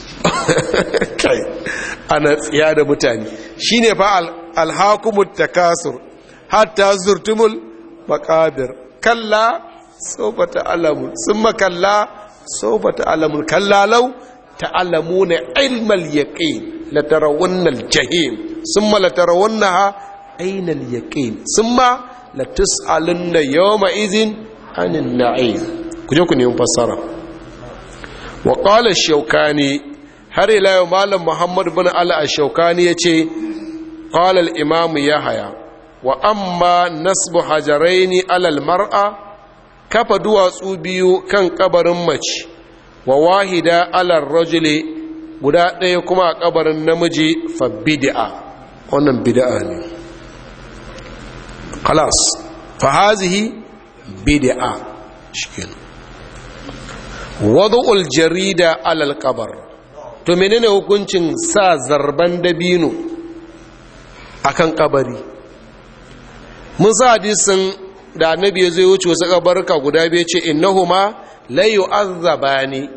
A: kai ana tsiya da mutane shine fa alhakumut takasur hatta zurtumul maqabir kalla sawfa ta'lamun summa kalla sawfa ta'lamun kalla law ta'lamuna ilmal yaqin la tarawunna al-jahim summa la tarawunnaha ayna al-yaqin summa la tus'alunna yawma idhin anin na'im kuje ku nemi fassara wa qala shaukani har ila yau malam muhammad bin ala ash-shaukani yace قال الإمام يحيى وأما نصب حجرين على المرأة كفا دواسو بيو كان قبر مجي وواحدة على الرجل guda ɗaya kuma ƙabarin namiji fa bid'a wannan bid'a ne khalas fa hazihi bid'a shikenan wad'ul jarida alal qabr to menene hukuncin sa zarban dabino akan kabari mun sa hadisin da annabi ya zai wuce wasu kabarka guda biyu ce innahuma la yu'azzabani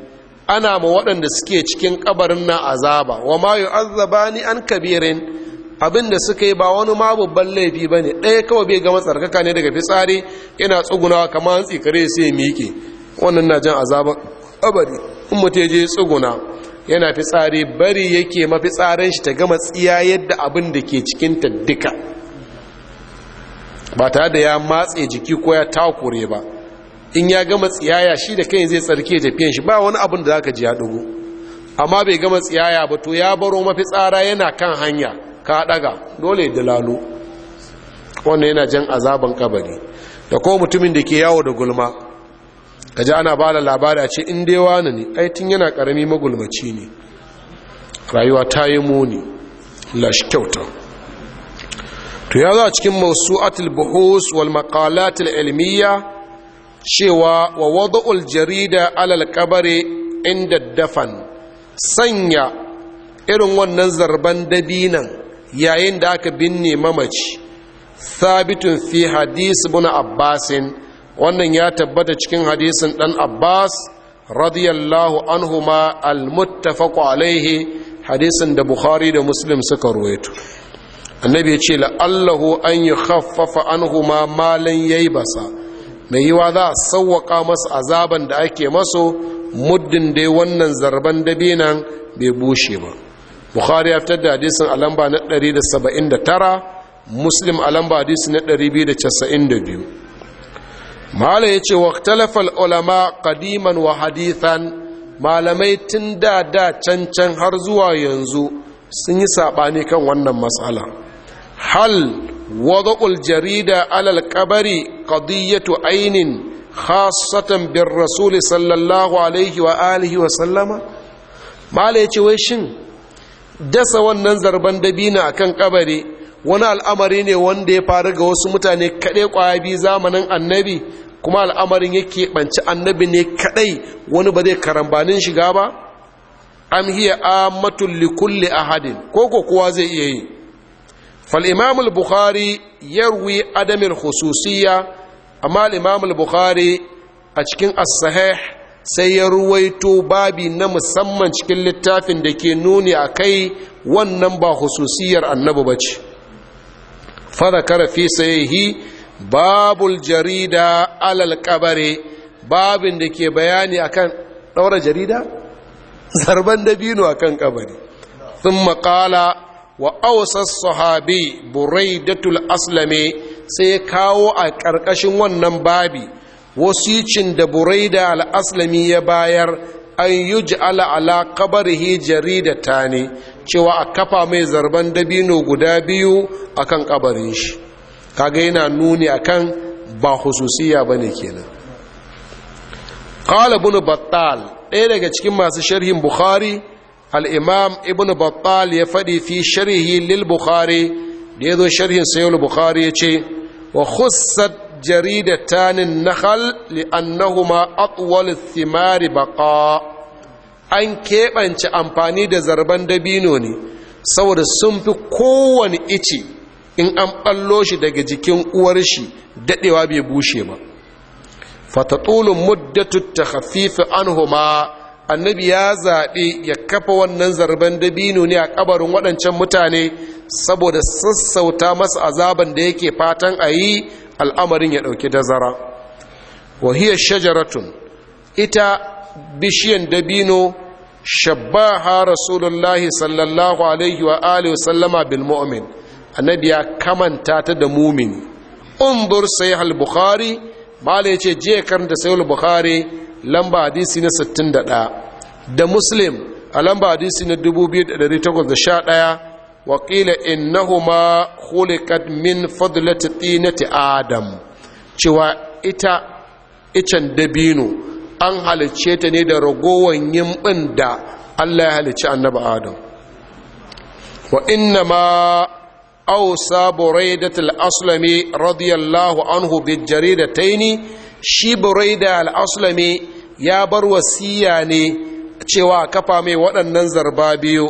A: ana ma waɗanda suke cikin kabarin na azaba wa ma yu'azzabani an kabirin abinda suka yi ba wani ma babban laifi bane ɗaya kawai bai gama tsarkaka ne daga fitsari yana tsugunawa kamar hantsi kare sai miƙe wannan na jan azaba kabari in mutum ya je tsuguna yana fitsari bari yake tsarin shi ta gama tsiya yadda abin da ke cikinta duka ba tare da ya matse jiki ko ya takure ba in ya gama tsiyaya shi da kai zai tsarki tafiyan shi ba wani abin da za ka ji ya dugu amma bai gama tsiyaya ba to ya baro mafi tsara yana kan hanya ka daga dole da lalo wannan yana jan azaban kabari da ko mutumin da ke yawo da gulma ka ji ana ba da labari a ce in dai wani ne aitin yana karami magulmaci ne rayuwa ta yi muni lashi kyauta to ya za cikin mawsu'atul buhus wal makalatul ilmiya cewa wa wada'ul jarida alal kabari inda dafan sanya irin wannan zarban dabinan yayin da aka binne mamaci sabitun fi حديث buna Abbasin? wannan ya tabbata cikin hadisin dan abbas radiyallahu anhuma almuttafaqu alaihi hadisin da bukhari da muslim suka ruwaito annabi ya ce la'allahu an yi khaffafa anhuma malan yayi basa mai yiwa za a sauwaka masu azaban da ake maso muddin dai wannan zarban dabena bai bushe ba bukhari ya fitar da hadisin a na 179 muslim a lamba hadisi na 292 mala ya ce waktalafal ulama kadiman wa hadithan malamai tun da da can har zuwa yanzu sun yi saɓani kan wannan matsala hal wadda jarida alal kabari kadiyyatu ainin khasatan bin rasuli sallallahu alaihi wa alihi wa sallama mala ya ce wai shin dasa wannan zarban dabina akan kabari wani al'amari ne wanda ya faru ga wasu mutane kaɗai kwaya biyu zamanin annabi kuma al'amarin yake ɓanci annabi ne kaɗai wani ba zai karambanin shiga ba am hiya matulli li a ahadin ko ko kowa zai iya yi fal buhari al yarwi adam amma al’imamul buhari a cikin as sai ya ruwaito babi na musamman cikin littafin da ke nuni a kai wannan ba hususiyar annabi ce. fadakara fi sahihi babul jarida alal kabare babin da ke bayani akan daura jarida zarban dabino akan kabari thumma qala wa awsas sahabi buraidatul aslami sai kawo a ƙarƙashin wannan babi wasicin da buraida al aslami ya bayar an yuj'ala ala qabrihi jaridata ne cewa a kafa mai zarban dabino guda biyu akan kabarin shi kaga yana nuni akan ba hususiya bane kenan qala ibn battal ɗaya daga cikin masu sharhin bukhari al-imam ibn battal ya faɗi fi sharhi lil bukhari da yazo sharhin sayyid bukhari yace wa khussat jaridatan nahl li annahuma atwal ath-thimar an keɓance amfani da zarban dabino ne saboda sun fi kowane ice in an ɓallo shi daga jikin uwar shi daɗewa bai bushe ba fatatulun muddatun ta hafifi an huma annabi ya zaɓi ya kafa wannan zarban dabino ne a ƙabarin waɗancan mutane saboda sassauta masa azaban da yake fatan a yi al'amarin ya ɗauki dazara wahiyar shajaratun ita bishiyan dabino shabbaha rasulullahi sallallahu alaihi wa alihi wa sallama bil mu'min annabi ya kamanta ta da mumini undur sahih al bukhari mala yace je karanta sahih al bukhari lamba hadisi na 61 da muslim a lamba hadisi na 2811 wa qila innahuma khuliqat min fadlati tinati adam cewa ita icen dabino an halicce ta ne da ragowar yimbin da allah ya halicci annabi adam wa inna ma ausa buraidat al-aslami radiyallahu anhu bi jaridataini shi buraida al-aslami ya bar wasiya ne cewa kafa mai waɗannan zarba biyu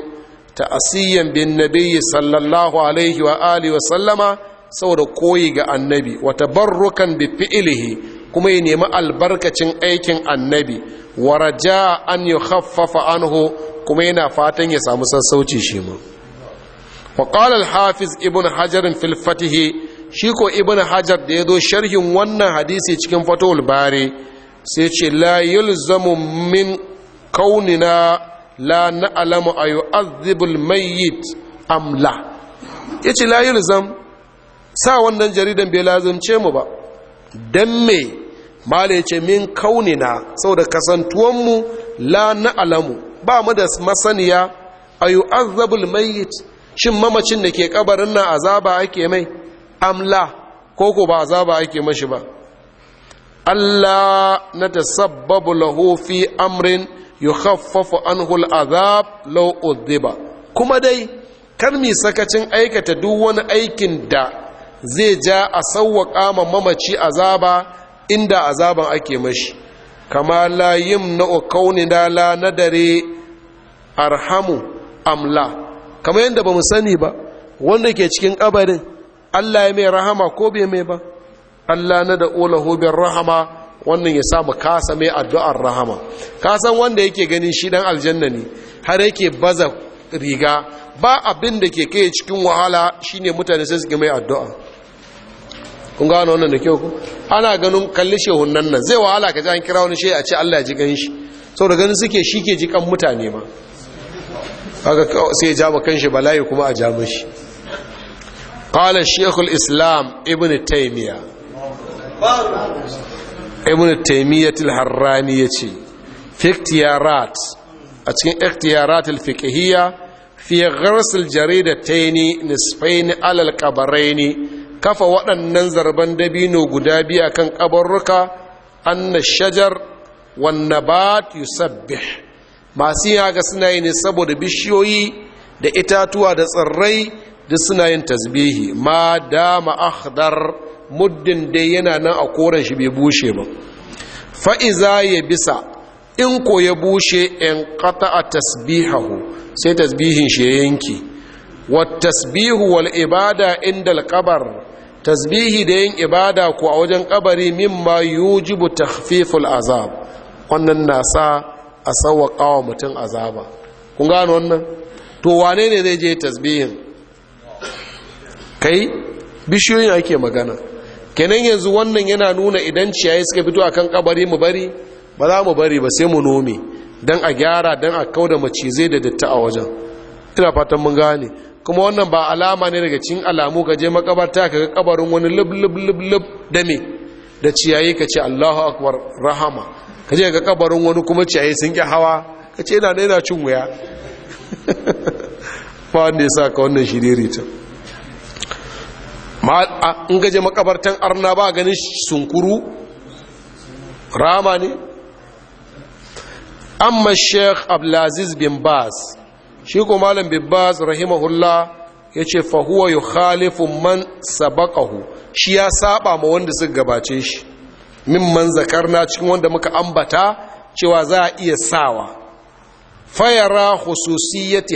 A: ta asiyan bin nabiyyi sallallahu alaihi wa alihi wa sallama saboda koyi ga annabi wa tabarrukan bi fi'ilihi kuma ya nemi albarkacin aikin annabi waraja raja an yukhaffafa anhu kuma yana fatan ya samu sassauci shi ma wa hafiz ibn Hajarin fil shi ko ibn hajar da ya zo sharhin wannan hadisi cikin fatul bari sai ce la yulzamu min kaunina la na'lamu ayu'adhibu al-mayyit am la yace la yulzam sa wannan jaridan bai lazumce mu ba dan me mala ce min kaunina saboda kasantuwanmu la alamu ba mu da masaniya ayu azabul mayyit shin mamacin da ke kabarin na azaba ake mai amla ko ko ba azaba ake mashi ba Allah na ta sababu lahofi amrin yukhaffafu anhu al'azab law laudiba. kuma dai kar mi sakacin aikata duk wani aikin da zai ja a sauwaka ma mamaci azaba inda azaban ake mashi kama la na kaunina la na arhamu amla kama yadda ba mu sani ba wanda ke cikin kabarin allah ya mai rahama ko bai mai ba allah na da olahu bin rahama wannan ya samu kasa mai addu'ar rahama kasan wanda yake ganin shi dan aljanna ne har yake baza riga ba abin da ke kai cikin wahala shine mutane sai su mai addu'a kun gano wannan da kyau ku ana ganin kalli shehun nan zai wahala ka ji an kira wani shehi a ce Allah ya ji gan shi saboda ganin suke shi ke ji kan mutane ma haka sai ya jama kanshi bala'i kuma a jama shi qala shaykhul islam ibn taymiya ibn taymiyyah al-harrani yace fi iktiyarat a cikin iktiyarat al-fiqhiyya fi ghars al-jaridatayn nisfayn ala al-qabarayn kafa waɗannan zarban dabino guda biya kan ƙabarruka anna shajar wanna bat yusabbih masu yin haka suna yi ne saboda bishiyoyi da itatuwa da tsirrai duk suna yin tasbihi ma dama akhdar muddin dai yana nan a koren shi bai bushe ba fa'iza ya bisa in ko ya bushe in kata a tasbihahu sai tasbihin shi ya yanki wa tasbihu wal ibada inda alkabar tasbihi da yin ibada ko a wajen kabari mimma yujibu takhfiful azab wannan na sa a sawwaka wa mutum azaba kun gano wannan to wane ne zai je tasbihin kai bishiyoyin ake magana kenan yanzu wannan yana nuna idan ciyayi suka fito akan kabari mu bari ba za mu bari ba sai mu nome don a gyara dan a kauda macizai da datta a wajen ina fatan mun gane kuma wannan ba alama ne daga cikin alamu ka je makabarta ka ga kabarin wani lub lub lub da me da ciyayi ka ce Allahu akwar rahama ka je ga kabarin wani kuma ciyayi sun ƙi hawa ka ce ina yana cin wuya ba wanda ya sa ka wannan ma ta in gaje makabartan arna ba ganin sunkuru rama ne amma sheikh abdulaziz bin bas shi ko malam bibbas rahimahullah ya ce fahuwa yi khalifun man sabakahu shi ya saba ma wanda suka gabace shi min man zakarna cikin wanda muka ambata cewa za a iya sawa fayara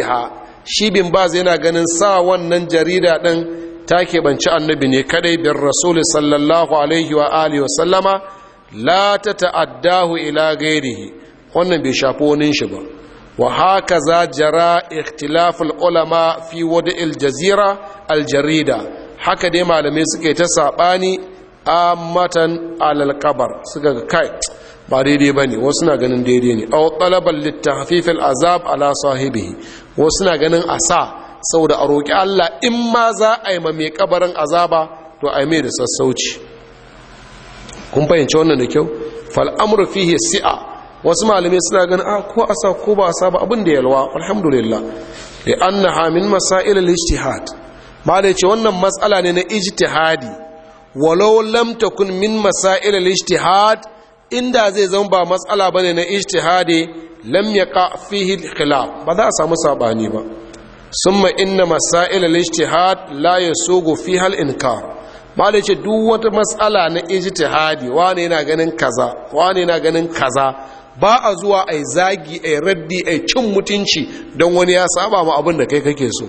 A: ha shi bin yana ganin sa wannan jarida ɗin, ta keɓanci annabi ne kadai bin rasul sallallahu alaihi wa alihi wa la ta ta'addahu ila gairihi wannan bai shafi wani shi ba wa haka za jara ikhtilaful ulama fi wada aljazira aljarida haka dai malamai suka suke ta saɓani a matan alalkabar suka ga kai ba daidai ba ne wasu na ganin daidai ne a talabar littafifin azab ala sahibihi wasu na ganin asa saboda a roƙi allah in ma za a yi ma mai kabarin azaba to a mai da sassauci kun fahimci wannan da kyau fal'amur fihe si'a wasu malamai suna ganin a ah, ko a sa ko ba a sa ba abin da yalwa alhamdulillah da annaha min masail al-ijtihad ce wannan matsala ne na ijtihadi walau lamta kun min masail ijtihad inda zai zama ba matsala ne na ijtihadi lam yaqa fihi al-khilaf ba za a samu saɓani ba summa inna masail al-ijtihad la yasugu fiha al-inkar malai ce duk wata matsala na ijtihadi wane yana ganin kaza wane yana ganin kaza ba a zuwa a zagi a raddi a cin mutunci don wani ya saba ma abin da kai kake so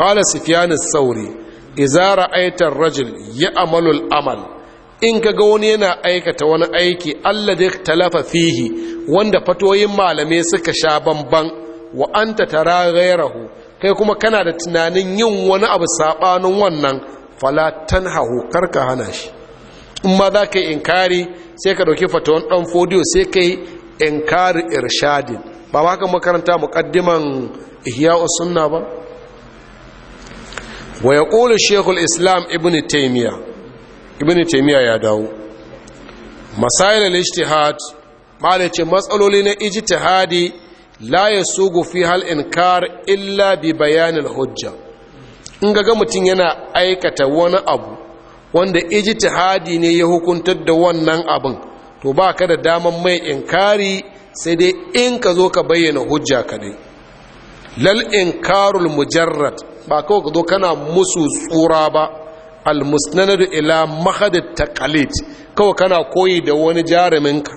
A: qala sufyan sauri idza ra'aita ar-rajul ya'malu al-amal in ga wani yana aikata wani aiki Allah ta talafa fihi wanda fatoyin malamai suka sha bamban wa anta tara ghayrahu kai kuma kana da tunanin yin wani abu sabanin wannan fala tanhahu karka hana shi in ma za ka yi inkari sai ka ɗauki fatawan ɗan fodiyo sai ka yi inkari irshadin ba ma kan makaranta muƙaddiman ihya sunna ba wa ya ƙulu shekul islam ibn taimiyya ibn taimiyya ya dawo masailar ijtihad ma'ala ce matsaloli na ijtihadi la ya sugu fi hal inkar illa bi bayanin hujja in ga mutum yana aikata wani abu wanda hadi ne ya hukuntar da wannan abin to ba ka da daman mai inkari sai dai in ka zo ka bayyana hujja kadai lal inkarul mujarrad ba kawai ka zo kana musu tsura ba al musnadu ila mahad taqalid kawai kana koyi da wani jaruminka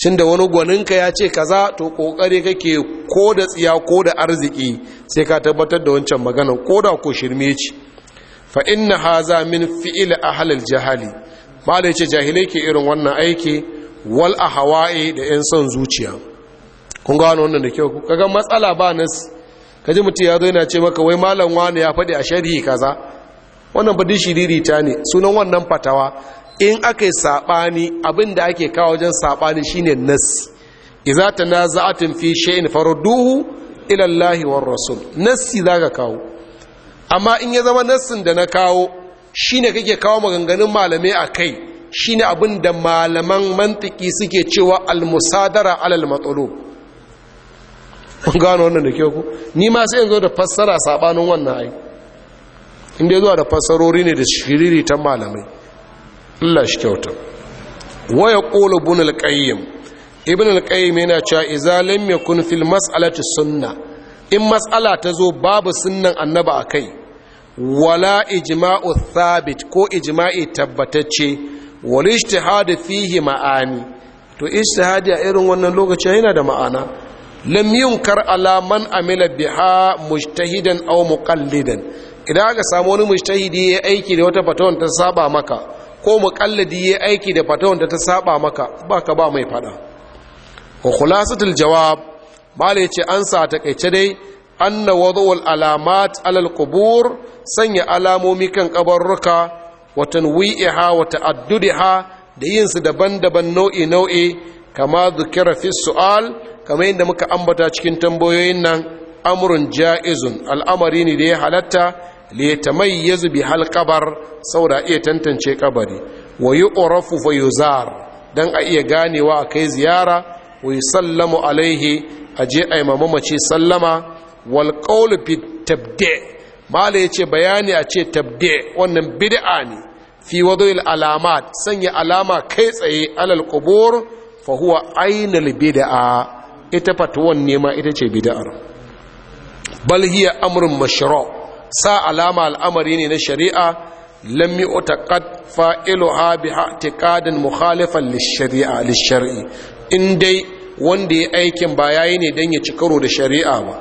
A: cin da wani gwaninka ya ce kaza to kokare kake ko da tsiya ko da arziki sai ka tabbatar da wancan magana ko da ko shirme ce fa inna haza min fi'il ahlil jahali malai ce jahilai ke irin wannan aiki wal ahwa'i da yan son zuciya kun gano wannan da kyau kaga matsala ba nas kaji mutum ya zo yana ce maka wai malam wani ya faɗi a sharhi kaza wannan ba shi ta ne sunan wannan fatawa in aka yi saɓani abin da ake kawo wajen saɓani shine nas iza ta na za'atin fi shay'in farduhu ila Allah war rasul nasi zaka kawo amma in ya zama nassin da na kawo shi ne kake kawo maganganun malamai a kai shi ne abin da malaman mantiki suke cewa almusadara alal matsalo kun gano wannan da ke ku ni ma sai yanzu da fassara sabanin wannan ai inda zuwa da fassarori ne da shiriri ta malamai Allah shi kyauta waya qulu ibn al-qayyim ibn al-qayyim yana cewa idza lam yakun fil mas'alati sunnah in matsala ta zo babu sunan annaba a kai wala ijima'u thabit ko ijima'i tabbatacce wal ijtihad fihi ma'ani to ijtihadi a irin wannan lokaci yana da ma'ana lam kar alaman man amila biha mujtahidan aw muqallidan idan aka samu wani mujtahidi yayi aiki da wata fatawan ta saba maka ko muqallidi yayi aiki da da ta saba maka baka ba mai fada wa khulasatul jawab bale ce an sa takaice dai anna wadawul alamat alal qubur sanya alamomi kan kabarruka wa tanwi'iha wa ta'addudiha da yin su daban-daban nau'i nau'i kama dhukira fi su'al kamar inda muka ambata cikin tambayoyin nan amrun ja'izun al'amari ne da ya halatta li yatamayyazu bi halqabar saboda iya tantance kabari wa yu'rafu fa yuzar dan a iya ganewa a kai ziyara wa yusallamu alaihi a je a yi ce sallama wal qawlu fi tabdi mala ce bayani a ce tabdi wannan bid'a ne fi wadul alama sanya alama kai tsaye alal kubur fahuwa ainihin bid'a ita fatuwan nema ita ce bid'ar bal amurin mashiro mashru sa alama al'amari ne na shari'a lam yu'taqad fa'iluha bi ha, mukhalifan lish-shari'a lish-shar'i in dai wanda ya aikin ba ya yi ne don ya ci karo da shari'a ba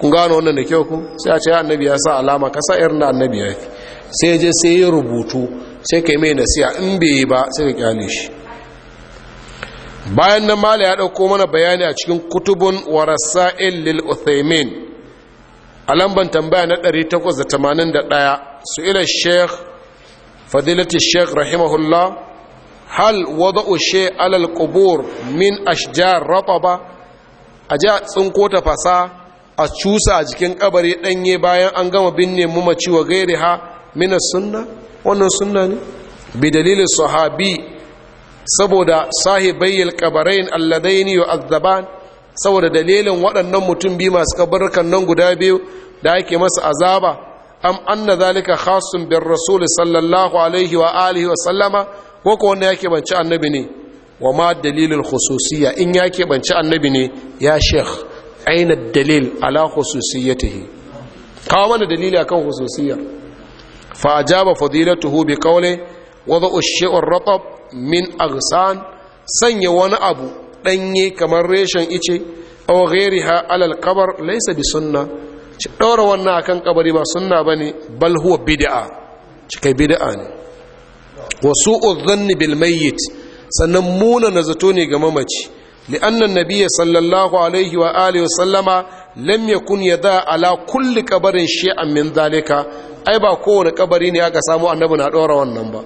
A: kun gano wannan da kyau ku sai a ce annabi ya sa alama kasa irin da annabi ya yi sai je sai ya rubutu sai ka yi mai nasiya in bai yi ba sai ka kyale shi bayan nan mala ya ɗauko mana bayani a cikin kutubun warasa ilil uthaimin a lamban tambaya na 881 su ila shek fadilati shek rahimahullah hal wada'u ushe alal kubur min ashjar rababa a ji a tsinko ta fasa a cusa a jikin kabari danye bayan an gama binne mu mace wa gairi ha mina sunna wannan sunna ne bi dalilin sahabi saboda sahibayyal qabarain alladaini yu'adhaban saboda dalilin waɗannan mutum biyu masu kabarkan nan guda biyu da ake masa azaba am anna zalika khasun bir rasul sallallahu alaihi wa alihi wa sallama ko ko wanda ya keɓanci annabi ne wa ma dalilin khususiyya in ya keɓanci annabi ne ya sheikh aina dalil ala khususiyyatihi kawo mana dalili akan khususiyya fa ajaba fadilatuhu bi qawli wada'u shay'ur ratab min aghsan sanya wani abu ɗanye kamar reshen ice aw ghairiha ala al-qabr laysa bi sunnah ci ɗora wannan akan kabari ba sunna bane bal huwa bid'a cikai bid'a ne Wasu su'u dhanni mayyit sannan muna na zato ne ga mamaci li'annan Nabiya sallallahu alaihi wa alihi wa sallama lam yakun yada ala kulli kabarin shay'an min zalika ai ba kowane kabari ne aka samu annabi na ɗora wannan ba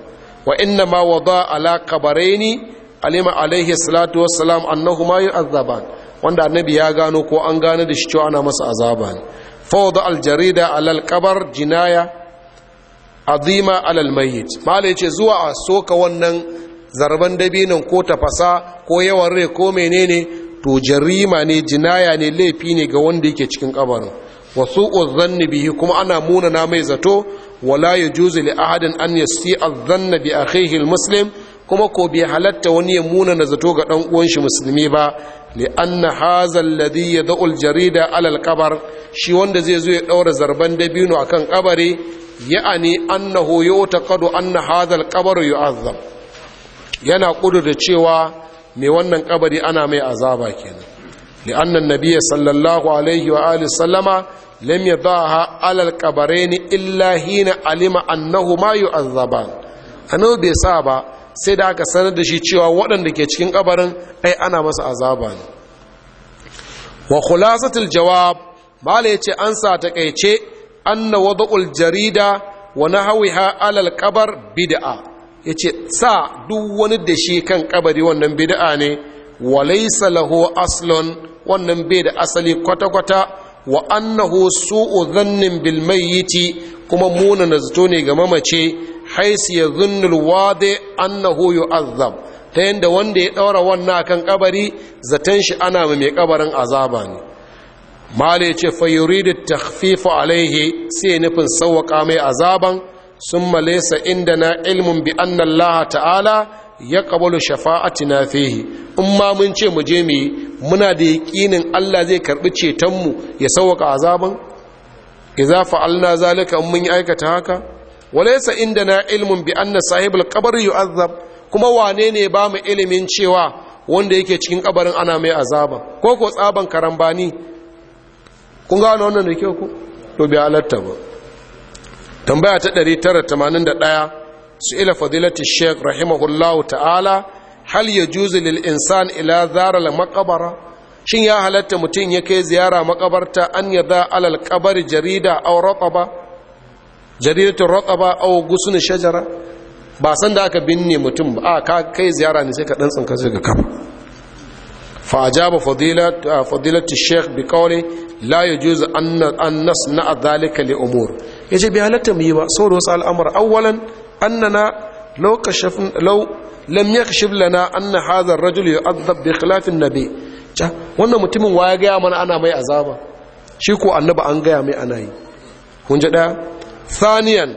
A: wa inna ma wada ala kabaraini alima alaihi salatu wassalam annahuma azaban? wanda annabi ya gano ko an gano da shi cewa ana masa azaba ne fawda al jarida ala kabar jinaya azima alal mayyit malai ce zuwa a soka wannan zarban dabinin ko tafasa ko yawan rai ko menene to jarima ne jinaya ne laifi ne ga wanda yake cikin kabarin wasu uzanni bihi kuma ana munana mai zato wala yajuzu li ahadin an yasi azanna bi akhihi almuslim kuma ko bai halatta wani ya munana zato ga dan uwan shi musulmi ba li anna hadha alladhi yad'u jarida ala alqabar shi wanda zai zo ya daura zarban dabino akan kabari ya'ani annahu yu'taqadu anna hadha al-qabr yu'azzam yana kudu da cewa mai wannan kabari ana mai azaba kenan li'anna an-nabiy sallallahu alaihi wa alihi sallama lam yadaha ala al-qabrayn illa hina alima annahu ma yu'azzaban annabi bai sa ba sai da aka sanar da shi cewa waɗanda ke cikin kabarin ai ana masa azaba ne wa khulasatul jawab mala yace an sa takeice anna wada'ul jarida wa nahawiha alal kabar bid'a yace sa duk wani da shi kan kabari wannan bid'a ne wa laysa lahu aslun wannan bai da asali kwata kwata wa annahu su'u dhannin bil mayyiti kuma muna zato ne ga mamace haisu ya al wadi annahu yu'azzab ta yanda wanda ya daura wannan kan kabari zaton shi ana mai kabarin azaba ne mala ya ce fayyuridu takfifa alaihi sai nufin sauwaka mai azaban sun malesa inda na ilmin bi annan ta'ala ya shafa'ati na fihi in ma mun ce mu je mu yi muna da yaƙinin allah zai karɓi cetonmu ya sauwaka azaban iza fa'alna zalika mun yi aikata haka walaisa inda na ilmin bi annan sahibul kabar yu'azzab kuma wane ne ba mu ilimin cewa wanda yake cikin kabarin ana mai azaba koko tsaban karambani kun gano wannan da kyau ku to bi alatta ba tambaya ta 981 ila fadilati sheikh rahimahullahu ta'ala hal yajuzu lil insan ila la makabara shin ya halatta mutum ya kai ziyara makabarta an ya da alal qabr jarida aw rataba jaridatu rataba aw gusun shajara ba san da aka binne mutum ba a ka kai ziyara ne sai ka dan tsinka sai ka kafa فأجاب فضيلة فضيلة الشيخ بقوله لا يجوز أن أن نصنع ذلك لأمور يجب بهالة ميبا صور وسع الأمر أولا أننا لو كشف لو لم يكشف لنا أن هذا الرجل يعذب بخلاف النبي wannan mutumin waya gaya mana ana mai azaba shi ko annaba an gaya mai ana yi kun ji ɗaya Saniyan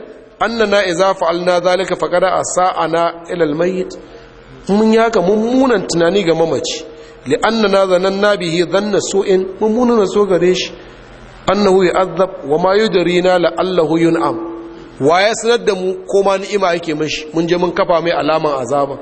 A: annana idza fa'alna zalika faqada asa'ana ila almayyit mun yaka mummunan tunani ga mamaci li'annana zananna bihi dhanna su'in mummunan so gare shi annahu azab wa ma yudrina la'allahu yun'am wa ya sanar da mu ko ma ni'ima yake mashi mun je mun kafa mai alaman azaba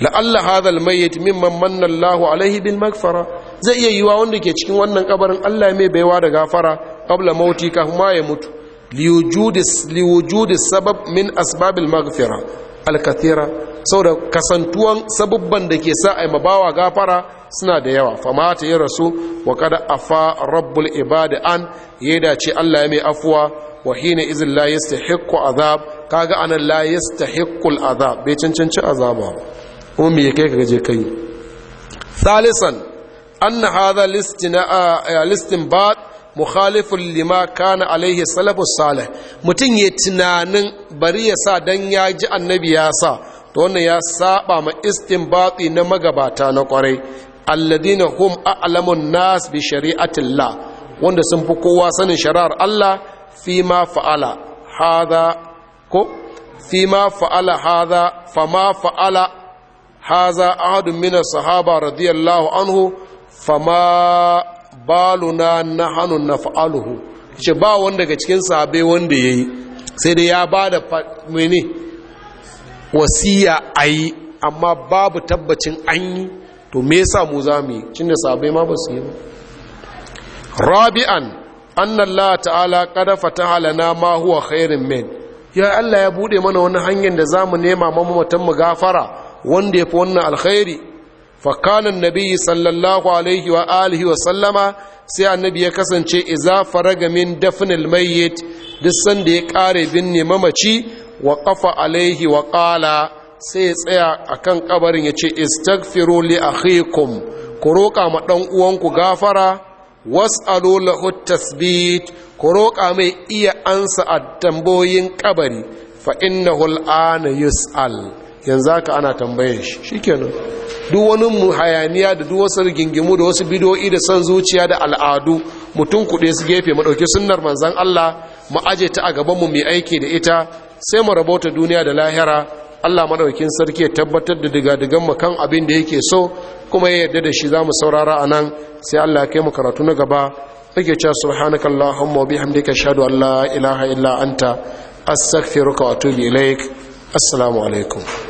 A: la'alla hadha al-mayyit mimman manna Allahu alaihi bil maghfara zai iya yiwa wanda ke cikin wannan kabarin Allah mai baiwa da gafara qabla mauti kafin ma ya mutu liwujudi liwujudi sabab min asbabil maghfira al-kathira saboda kasantuwan sabubban da ke sa aimabawa gafara suna da yawa fama ta yi rasu wa kada afa rabbul ibadi an ya dace Allah ya mai afuwa wa hina izin la yastahiqqu azab kaga anan la yastahiqqu azab bai cancanci azaba kuma me kai ka je kai thalisan anna hadha listina listinbat muhalifin lima kana alaihi salafus salih mutum ya tunanin bari ya sa dan ya ji annabi ya sa to wannan ya saba ma istinbati na magabata na kwarai alladina hum a'lamun nas bi shari'atillah wanda sun fi kowa sanin shari'ar Allah fi ma fa'ala hadha ko fi ma fa'ala hadha fa ma fa'ala hadha ahadun min as-sahaba radiyallahu anhu fa ma baluna nahnu naf'aluhu ce ba wanda daga cikin sahabe wanda yayi sai da ya bada mene wasiya a yi amma babu tabbacin an yi to me sa mu za mu yi cinda sabai ma ba su yi ba rabi'an la ta'ala ƙarafa ta halana ma huwa khairin min ya Allah ya buɗe mana wani hanyar da za mu nema mamatan mu gafara wanda ya fi wannan alkhairi fakanan Nabiyyu sallallahu alaihi wa alihi wa sallama sai annabi ya kasance iza faraga min dafnil mayyit duk sanda ya kare binne mamaci wa ƙafa alaihi wa ƙala sai ya tsaya a kan ƙabarin ya ce istagfiru li akhikum ku roƙa ma ɗan uwanku gafara was'alu lahu tasbit ku roƙa mai iya ansa a tambayoyin ƙabari fa innahu yus'al yanzu haka ana tambayan shi shikenan duk wani hayaniya da duk wasu rigingimu da wasu bidoyi da son zuciya da al'adu mutum kuɗe su gefe mu ɗauki sunnar manzon Allah mu aje ta a gabanmu mu mai aiki da ita sai mu rabota duniya da lahira Allah madaukin sarki ya tabbatar da digadigan mu kan abin da yake so kuma ya yarda da shi za mu saurara anan sai Allah kai mu karatu na gaba muke cewa subhanakallahumma wa bihamdika ashhadu an la ilaha illa anta astaghfiruka wa atubu ilaik assalamu alaikum